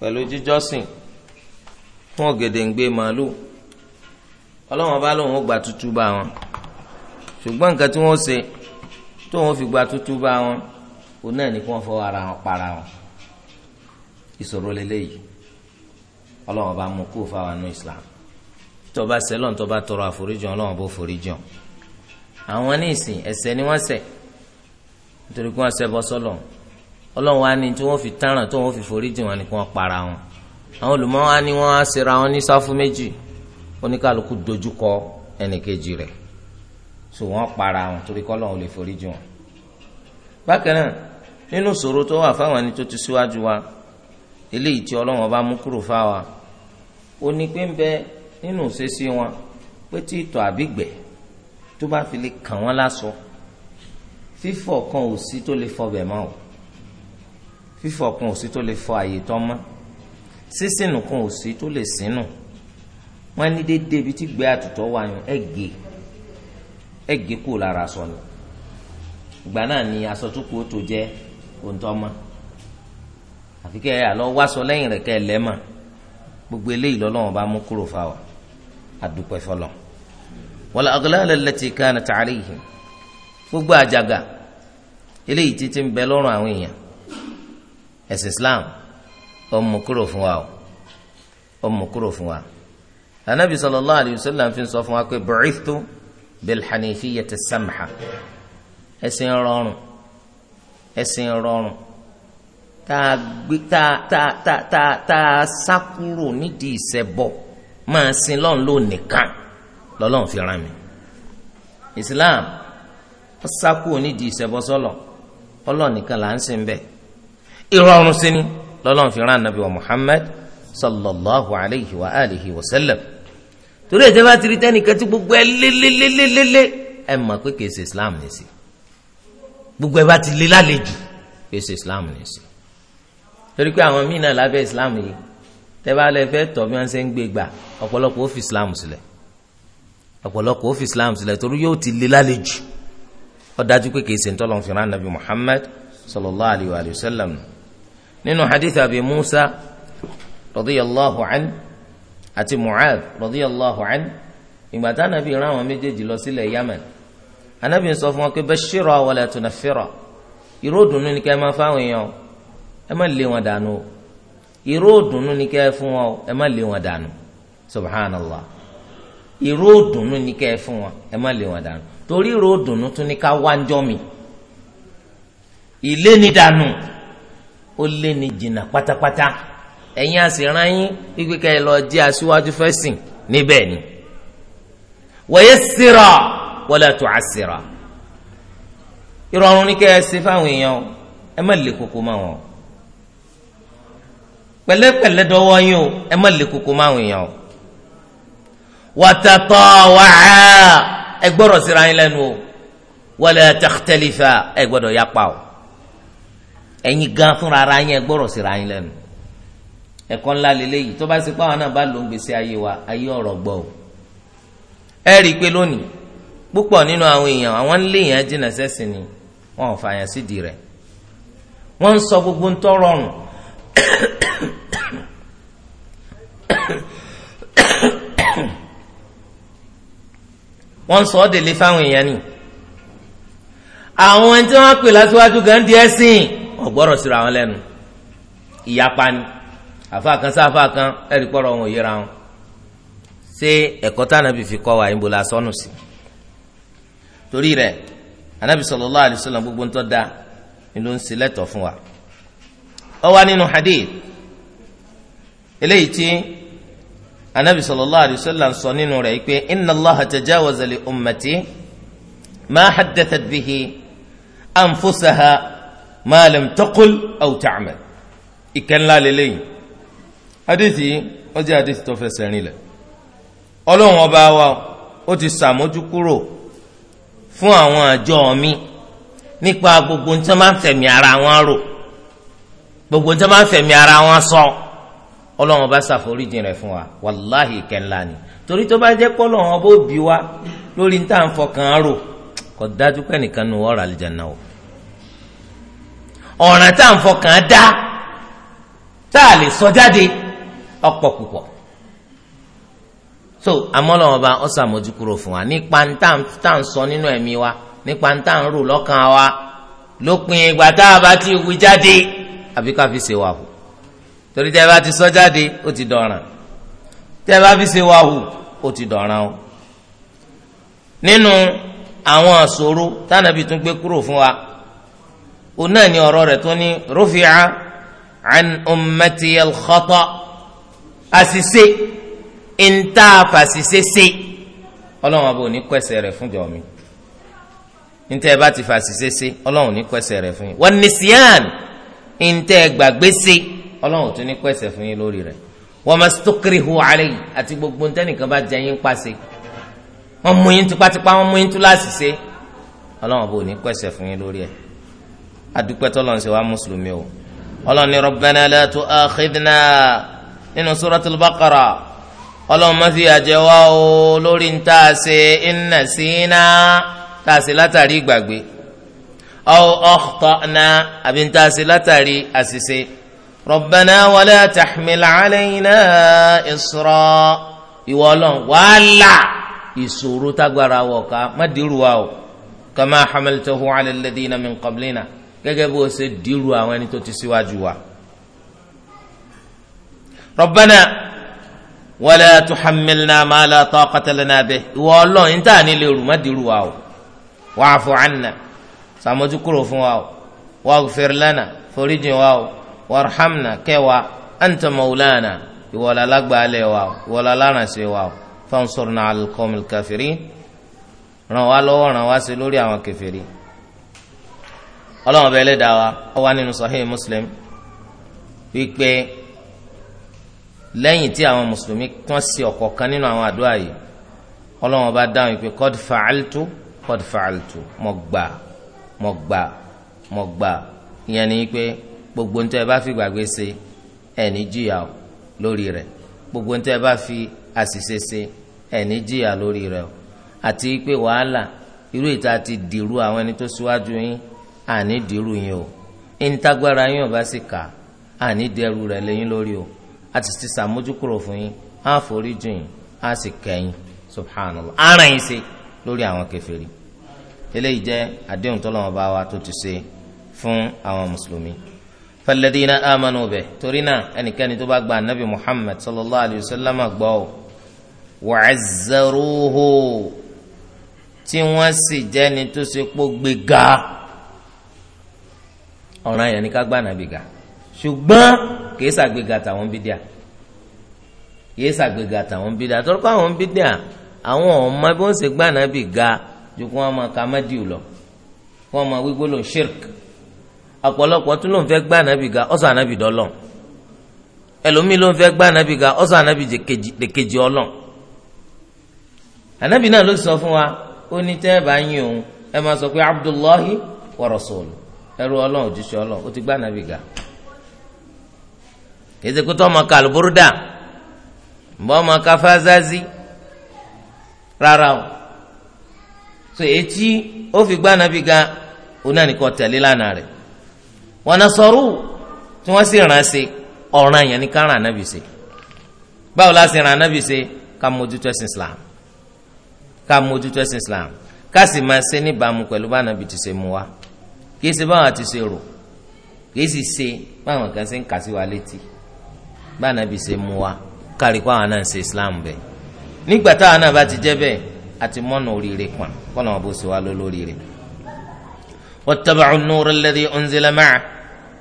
pẹ̀lú jíjọ́sìn fún ògèdèǹgbè màálù ọlọ́wọ́n bá lóun ó gba tútú bá wọn ṣùgbọ́n nǹkan tí wọ́n ṣe tó wọn fi gba tútú bá wọn òun náà ní kí wọ́n fọ ara wọn para wọn ìṣòro lélẹ́yìí ọlọ́wọ́n bá mú kó fáwọn nù Islam tọba sẹlọn tọba tọrọ àforíjì Ọlọ́run bó foríjì àwọn ní ìsìn ẹ̀ṣẹ̀ ni wọ́n ṣẹ̀ nítorí kí wọ́n ṣẹ̀ bọ ọlọ́run wa ni tí wọ́n fi táràn tí wọ́n fi foríjì wọn ni kí wọ́n para wọn àwọn olùmọ̀ wa ni wọ́n á ṣera wọn ní sáfù méjì oníkàlùkù dojúkọ ẹnìkejì rẹ̀ so wọ́n para wọn torí kọ́ ọlọ́run lè foríjì wọn. bákan náà nínú ìṣòro tó wà fáwọn ẹni tó ti síwájú wa eléyìí tí ọlọ́run ọba mú kúrò fáwa ó ní pé ń bẹ nínú òṣèṣe wọn pé tí ìtọ̀ àbígbẹ̀ tó bá fi lè kàn wọ́n láṣọ fífọ̀ kan ò sí tó lè fọbẹ̀ mọ́ ọ́ fífọ̀ kan ò sí tó lè fọ àyè tán mọ́ sísìnù kan ò sí tó lè sínú wọn ní déédéé ibi tí gbé àtútọ́ wà yàn ẹ̀gẹ́ ẹ̀gẹ́ kù lára aṣọ ni ìgbà náà ni aṣọ tó kù ó tó jẹ́ òǹtọ́ mọ́ àfi kẹ́ ẹ àlọ́ wáṣọ lẹ́yìn rẹ̀ kẹ́ ẹ lẹ́ mọ̀ gbogbo eléyìí lọ́lọ́wọ́n bá mú kúrò fáwọn àdúpẹ́ fọlọ́ wal aghlal allati kanat alayhim gbogbo àjàgà eléyìí títí ń bẹ lọ́rùn àwọn èèyàn ẹ̀sìn islam ó mú kúrò fún wa o ó mú kúrò fún wa anabi sallallahu alayhi wa sallam fi sọ fún wa pé bu'ithtu bilhanifiyyati samha ẹ̀sìn rọrùn ẹ̀sìn rọrùn tá a sá kúrò nídìí ìṣẹbọ máa sin lọ́n ló nìkan lọ́lọ́n fi ràn mí islam ó sá kúrò nídìí ìṣẹbọ sọlọ ọlọ́ọ̀nìkan là ń sìn bẹ́ẹ̀ ìrọ̀rùn sí ni lọ́lọ́run fi rán anabi wa muhammad sallallahu alayhi wa alihi wa sallam torí ẹ̀jẹ̀ bá ti rí tẹ́nìkan tí gbogbo ẹ lélélélélé ẹ mọ̀ pé kìí ṣe islam ní sí gbogbo ẹ bá ti lé lálejò kìí ṣe islam ní sí torí pé àwọn míì náà lábẹ́ islam yìí tẹ́bá lẹ fẹ́ tọ́ bí wọ́n ṣe ń gbé gbà ọ̀pọ̀lọpọ̀ ó fi islam sílẹ̀ ọ̀pọ̀lọpọ̀ ó fi islam sílẹ̀ torí yóò ti lé lálejò ó pé kìí ṣe ń tọ́lọ́ fi rán anabi muhammad sallallahu alayhi wa sallam nínú hadith abi musa radiyallahu an àti mu'adh radiyallahu an ìgbà tá anabi rán àwọn méjèèjì lọ sílẹ̀ yemen anabi sọ fún wọn pé bashira wala tunafira ìró òdùnnú ni ká ẹ máa fáwọn èèyàn ẹ má lé wọn dànù o ìró òdùnnú ni ká ẹ fún wọn ẹ má lé wọn dànù subhanallah ìró òdùnnú ni ká ẹ fún wọn ẹ má lé wọn dànù torí ìró òdùnnú ni ká wá ń jọ mi ìléni ó lé ní jìnnà pátápátá ẹ̀yin àsìrán yín wípé ká ẹ lọ jẹ́ aṣíwájú fẹ́sìn níbẹ̀ ni wa yassira wala tu'assira ìrọ̀rùn ni kẹ́ ẹ ṣe fáwọn èèyàn ẹ má lè koko máa wọn pẹ̀lẹ́pẹ̀lẹ́ dọ́wọ́ yín o ẹ má lè koko máa wọn èèyàn wa tatawa'a ẹ gbọ́dọ̀ síra yín lẹ́nu o wala takhtalifa ẹ gbọ́dọ̀ yapa o ẹ̀yin gan fúnra ara yẹn gbọ́rọ̀ síra yín lẹ́nu ẹ̀kọ́ ńlá lélẹ́yìí tó bá ṣe pé àwọn náà bá lò ń gbèsè ayé wa ayé ọ̀rọ̀ gbọ́ o ẹ rí i pé lónìí púpọ̀ nínú àwọn èèyàn àwọn ńlé yẹn jìnnà sẹ́sìn ni wọn ò fààyàn sídìí rẹ̀ wọ́n ń sọ gbogbo ń tọrọ wọ́n ń sọ ọ́ délé fáwọn èèyàn ni àwọn tí wọ́n pè láṣíwájú gan díẹ̀ sìn wọn gbọ́rọ̀ síra wọn lẹ́nu ìyapa ni àfa kan sáfa kan ẹ̀rí pọ̀rọ̀ wọn yẹra wọn ṣé ẹ̀kọ́ tá ànábì fi kọ́ wa ìbò la sọnù sí torí rẹ̀ ànábì sallallahu alaihi wasallam gbogbo ń tọ́ da ni ló ń fún wa ó nínú hadith eléyìí tí anabi sallallahu alayhi wa sallam sọ nínú rẹ̀ pé inna allah tajawaza li ummati ma haddathat bihi anfusaha ma lam taqul aw ta'mal ìkẹ́ ńlá lélẹ́yìn adétì ó jẹ́ adétì tó fẹsẹ̀ rinlẹ̀ ọlọ́run ọba wa ó ti sàmójú kúrò fún àwọn àjọ mi nípa gbogbo ní sọ́n máa ń fẹ̀mí ara wọn rò gbogbo ní sọ́n máa ń fẹ̀mí ara wọn sọ ọlọ́run ọba ṣàforíjì rẹ̀ fún wa wàláhì ìkẹ́ ni torí tó bá jẹ́ pé ọlọ́run ọba ó bí wa lórí ní fọkàn rò kò dájú pé nìkan nu ọ̀rọ̀ àlìjáná o ọ̀ràn tá à ń fọkàn dá tá a lè sọ jáde ọ̀pọ̀ púpọ̀ so amọ́lọ́wọ́n bá ọ sàmójú fún wa nípa tá à ń sọ nínú ẹ̀mí wa nípa tá à ń rò lọ́kàn wa lópin ìgbà tá a bá ti wí jáde àbí ká fi ṣe wà hù torí tẹ́ bá ti sọ jáde ó ti dọ̀ràn tẹ́ bá fi ṣe wà hù ó ti dọ̀ràn o nínú àwọn àṣòro tánàbí tún gbé kúrò fún wa. òun náà ni ọ̀rọ̀ rẹ̀ tó ní rufi'a an ummati al-khata àṣìṣe ìntà fàṣìṣe ṣe ọlọ́run àbò ní kẹsẹ̀ rẹ̀ fún jọ̀ọ́ mi ntẹ ẹ bá ti fà ṣiṣẹ ṣe Ọlọ́run ní kọsẹ rẹ fún yín wọn ní sian ntẹ ẹ gbàgbé ṣe Ọlọ́run tún ní kọsẹ fún yín lórí rẹ wọn máa sọkiri hu alẹ yìí àti gbogbo ntẹnìkan bá jẹ yín pàṣẹ wọn mú yín tipátipá wọn mú yín tú láṣìṣe Ọlọ́run bò ní kọsẹ fún yín lórí ẹ adúpẹ́ tọ́lọ̀ ń ṣe wá mùsùlùmí o ọlọ́run ní rabbana la tu'akhidhna nínú suratul baqara ọlọ́run má fi àjẹ wá o lórí ń tá a ṣe in nasina tá a ṣe látàrí ìgbàgbé aw akhta'na àbí ń tá a ṣe látàrí àṣìṣe rabbana wala tahmil alayna isra ìwọ wa o kama hamaltahu ala alladhina min qablina gẹ́gẹ́ bó o ṣe dìrú àwọn ẹni tó ti síwájú wa. Rabbana wala tuhammilna ma la taqata lana bih ìwọ ọlọ́run tá a ní lè rù má dìrú wa o wa'fu anna sàmójúkúrò fún wa o waghfir lana foríjì wa o warhamna kẹwa anta maulana ìwọ la lágbàálẹ̀ wa o ìwọ la wa o fansurna ala alqawmil ràn wá lọ́wọ́ ràn wá sí lórí àwọn kẹfẹ́rin ọlọ́run ọba ẹlẹ́dàá wa ó wá nínú sahih muslim wípé lẹ́yìn tí àwọn mùsùlùmí tán sí ọ̀kọ̀ọ̀kan nínú àwọn àdúrà yìí ọlọ́run ọba dáhùn wípé qad fa'altu qad fa'altu mo gbà mo gbà mo gbà ìyẹn ni wípé gbogbo ntẹ́ ẹ bá fi gbàgbé ṣe ẹni jìyà lórí rẹ̀ gbogbo ntẹ́ ẹ bá fi àṣìṣe ṣe ẹni jìyà lórí rẹ̀ àti wípé wàhálà irú ìta ti dìrú àwọn ẹni tó síwájú yín àní dìrú yín o ìntagbára yín ọba sì kà àní dẹrù rẹ̀ lẹ́yìn lórí o a ti ti sàmójúkúrò fún yín á forí jù yín á sì kẹ́yìn subhanallah ara yín ṣe lórí àwọn kèfèrí eléyìí jẹ́ àdéhùn tọ́lọ́wọ́n bá wa tó ti ṣe fún àwọn mùsùlùmí falladina amanu bẹ̀ torí náà ẹnikẹ́ni tó bá gba anabi muhammad sallallahu alayhi wa sallam gbọ́ ọ tí wọ́n sì jẹ́ni tó ṣe pọ̀ gbéga ọ̀ràn yẹn ni ká gbà nàbì ga ṣùgbọ́n kìí ṣàgbéga tàwọn bídíà kìí ṣàgbéga tàwọn bídíà torí pé àwọn bídíà àwọn ọmọ bí wọ́n ṣe gbà nàbì ga ju kí wọ́n máa ka mẹ́díù lọ kí wọ́n máa wí gbólóhùn shirk ọ̀pọ̀lọpọ̀ tún ló ń fẹ́ gbà nàbì ga ọ̀sán nàbì dọ́lọ́n ẹlòmíì ló ń fẹ́ gbà nàbì ga ọ̀sán nàbì dèkejì ọlọ́n ànábì náà ló sọ fún wa ó ní tẹ́ ẹ bá yín òun ẹ máa sọ pé abdullahi wa rasuluhu ẹrú ọlọ́run òjíṣẹ́ ọlọ́run ó ti gbá nàbì ga ètò ìpótọ ọmọ ká àlùbúrúdà mbọ ọmọ ká rárá o so etí ó fi gbá nàbì ga onánìkan tẹ̀lé lánàá rẹ̀ wọn náà sọ̀rọ̀ tí wọ́n sì ràn án sí ọ̀ràn yẹn ní ká ràn ànábì sí báwo la sì ràn ànábì sí ká mójútó ẹ̀sìn islam ká mójútó ẹ̀sìn islam ká sì máa ṣe níbàámu pẹ̀lú bá ànábì ti ṣe mú wa kìí ṣe báwọn àti ṣe rò kìí sì ṣe báwọn kan ṣe ń kà sí wa létí báwọn àbí ṣe mú wa kárí kó àwọn náà ń ṣe islam bẹ́ẹ̀ nígbà táwọn náà bá ti jẹ́ bẹ́ẹ̀ àti mọ́nà oríire pọ̀n kọ́nà wọn bó ṣe wá lólóríire. wattaba'u an-nura alladhi unzila ma'a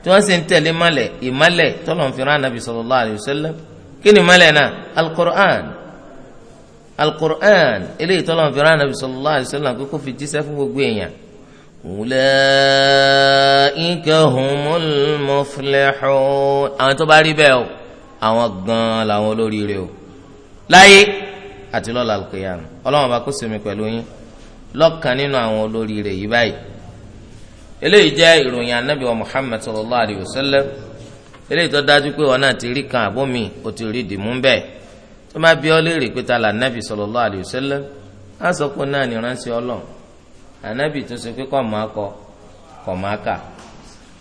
tí wọ́n sì ń tẹ̀lé malẹ̀ ìmalẹ̀ tọ́lọ̀ ń fi anabi sallallahu alayhi wa sallam kí ni malẹ̀ náà al-Qur'an eléyìí tọ́lọ̀ ń fi anabi sallallahu alayhi wa sallam kókó fi jíṣẹ́ fún gbogbo èèyàn ulaika humul muflihun àwọn tó bá rí bẹ́ẹ̀ o àwọn gan-an làwọn olóríire o láyé àti lọ́la àlùkìyámà ọlọ́run bá kó sèmi pẹ̀lú yín lọ́kàn nínú àwọn olóríire yìí báyìí eléyìí jẹ́ ìròyìn anábì wa muhammed sallallahu alayhi wa sallam eléyìí tó dájú pé wọn náà ti rí kan àbómi o ti rí dìmú bẹ́ẹ̀ tó má bí ọ léèrè pé ta là nábì sallallahu alayhi wa sallam á sọ pé náà ní ránṣẹ́ ọlọ́run anabi tó ṣe pé kọ́ máa kọ kọ́ máa kà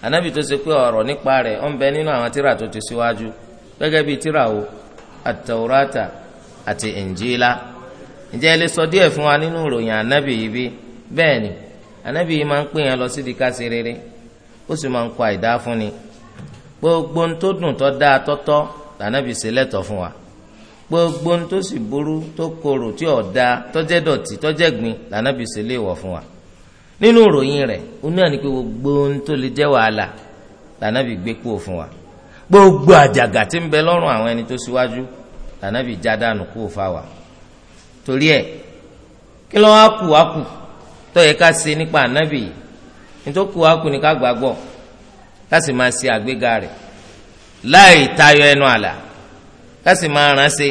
anabi tó ṣe pé ọ̀rọ̀ nípa rẹ̀ ó bẹ nínú àwọn tíra tó ti síwájú gẹ́gẹ́ bíi tíra o àtàwùrátà àti ǹjẹ́ ẹ lè sọ díẹ̀ fún wa nínú ìròyìn anabi yìí bí bẹ́ẹ̀ anabi yìí máa ń lọ ṣe rere ó sì máa ń kọ àìdá gbogbo tó dùn tó dáa tọ́tọ́ lànàbì ṣe lẹ́tọ̀ọ́ fún wa gbogbo tó sì burú tó koro tí ò dáa tọ́jẹ́ dọ̀tí tọ́jẹ́ gbin lànàbì ṣe léèwọ̀ fún wa nínú ìròyìn rẹ̀ oní àná pé gbogbo ohun tó lè jẹ́ wàhálà lànàbì gbé kúrò fún wa gbogbo àjàgà tí ń bẹ lọ́rùn àwọn ẹni tó síwájú lànàbì já dànù kúrò fáwa torí ẹ̀ kí ló wá kù wá kù tó ká ṣe nípa ànábì yìí nítorí kù wá kù ní ká gbàgbọ́ ká sì máa ṣe àgbéga rẹ̀ láì tayọ ẹnu àlà ká sì máa ránṣẹ́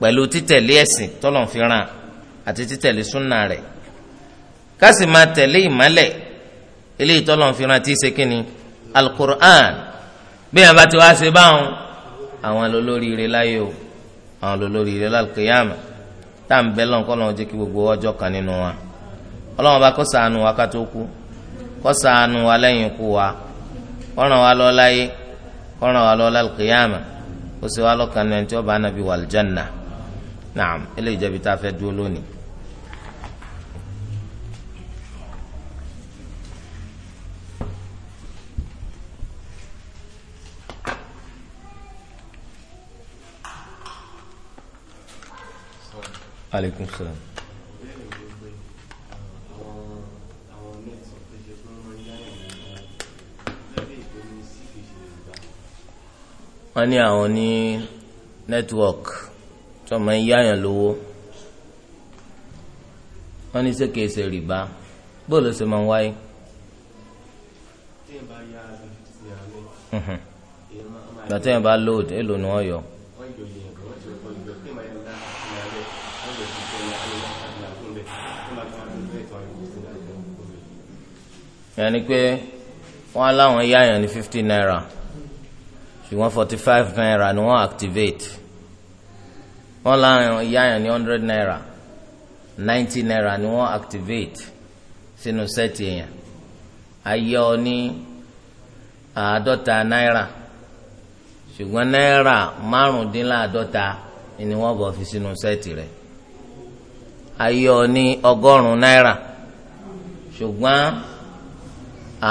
pẹ̀lú títẹ̀lé ẹ̀sìn tọ́lọ́run fi rán àti títẹ̀lé súnà rẹ̀ ká sì máa tẹ̀lé ìmọ́lẹ̀ eléyìí tọ́lọ́ fi rántí ṣe kínni alukur'an bí yẹn bá ti wá ṣe báwọn àwọn lolóríire láyé o àwọn lolóríire lálùkìyàmà tá à ń bẹ lọ́nkọ́ lọ́wọ́ kí gbogbo ọjọ́ kan nínú wa ọlọ́wọ́n bá kó ṣàánú wa ká tó kú kó ṣàánú wa lẹ́yìn ikú wa kó ràn lọ láyé kó ràn lọ lálùkìyàmà ó sì wá lọ́kàn náà tí ó bá nàbí wàlùjánà naam eléyìí jẹ́ tá a fẹ́ dúró lónìí. aleykum salaam. wọ́n ní àwọn ní network tó máa ń yáyàn lówó wọ́n ní ṣé kìí ṣe rìbá bóòlù ṣe máa ń wáyé. gbàtẹ́yìn bá lóòdù èlò ni wọ́n yọ. yẹnni pé wọn láwọn yá yẹn ní naira ṣùgbọ́n forty five naira ni wọ́n activate wọn láwọn yá yẹn ní hundred naira ninety naira ni wọ́n activate sínú sẹ́ẹ̀tì yẹn ayé ọ ní àádọ́ta naira ṣùgbọ́n ni wọ́n bọ̀ fi sínú sẹ́ẹ̀tì rẹ̀ ayé ọ ní ọgọ́rùn-ún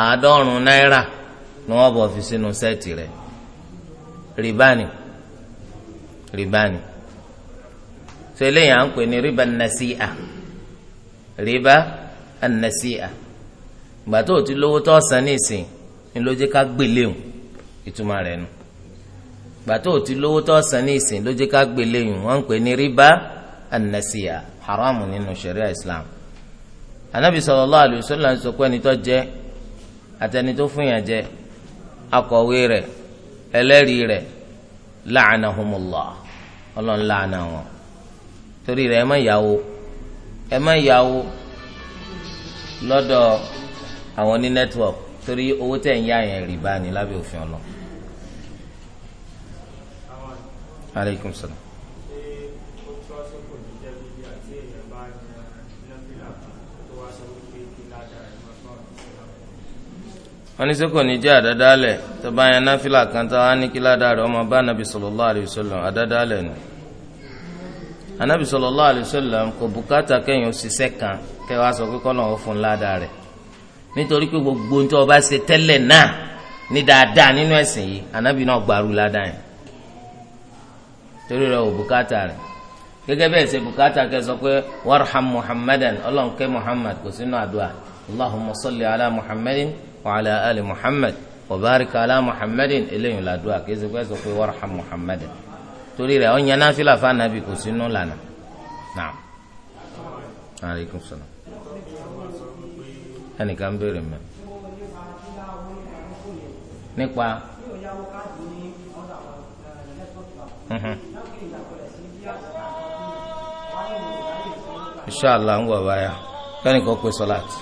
àádọ́rùn náírà ni wọ́n bọ̀ fi sínú sẹ́ẹ̀tì rẹ̀ rìbáni rìbáni so eléyìí à ń pè ní rìbá nàṣíà rìbá nàṣíà ìgbà tó o ti lówó tó san ní ìsìn ni ló jẹ́ ká gbéléhùn ìtumọ̀ rẹ̀ nù ìgbà tó o ti lówó tó san ní ìsìn ló jẹ́ ká gbéléhùn wọ́n ń pè ní rìbá nàṣíà haramu nínú sharia islam anabi sallallahu alaihi wasallam sọ pé ẹni tó jẹ́ àtẹni tó fún yàn jẹ akọ̀wé rẹ̀ ẹlẹ́rìí rẹ̀ la'anahumullah ọlọ́run láàánà wọn torí rẹ̀ ẹ má yàwó ẹ má yàwó lọ́dọ̀ àwọn ní network torí owó tẹ̀ ń yá yẹn rìbá ni lábẹ́ òfin ọlọ́. aleykum salaam. oníṣòkò ní jẹ́ àdádálẹ̀ tó bá yẹn náfìlà kan tó á ní kí ládàá rẹ̀ ọmọ bá nàbì sallallahu alaihi àdádálẹ̀ nù. sallallahu alaihi kò bùkátà kẹ́yìn òṣìṣẹ́ kan kẹ́ sọ pé kọ́nà ó fún ládàá rẹ̀ nítorí pé gbogbo ohun tí bá ṣe tẹ́lẹ̀ náà ní dáadáa nínú ẹ̀sìn yìí ànábì náà gbàrú ládàá yẹn torí rẹ̀ ò bùkátà rẹ̀ gẹ́gẹ́ bẹ́ẹ̀ ṣe bùkátà kẹ́ sọ pé muhammad kò sínú àdúrà allahumma ala muhammadin wa ala ali muhammad wa barika ala muhammadin eléyìí làdúrà kí ẹsẹ̀ fẹ́ sọ pé warham muhammadin torí rẹ̀ ọ̀nyẹ́ náfìlà fún anabi kò sínú lànà naam aleykum salaam ẹnìkan ń béèrè mẹ́ nípa. Mhm. inshàlá ń wọ̀ báyà kẹ́nìkan pé sọ́láàtì.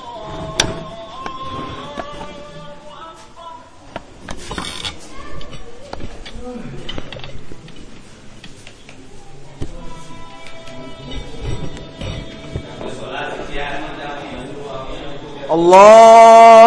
الله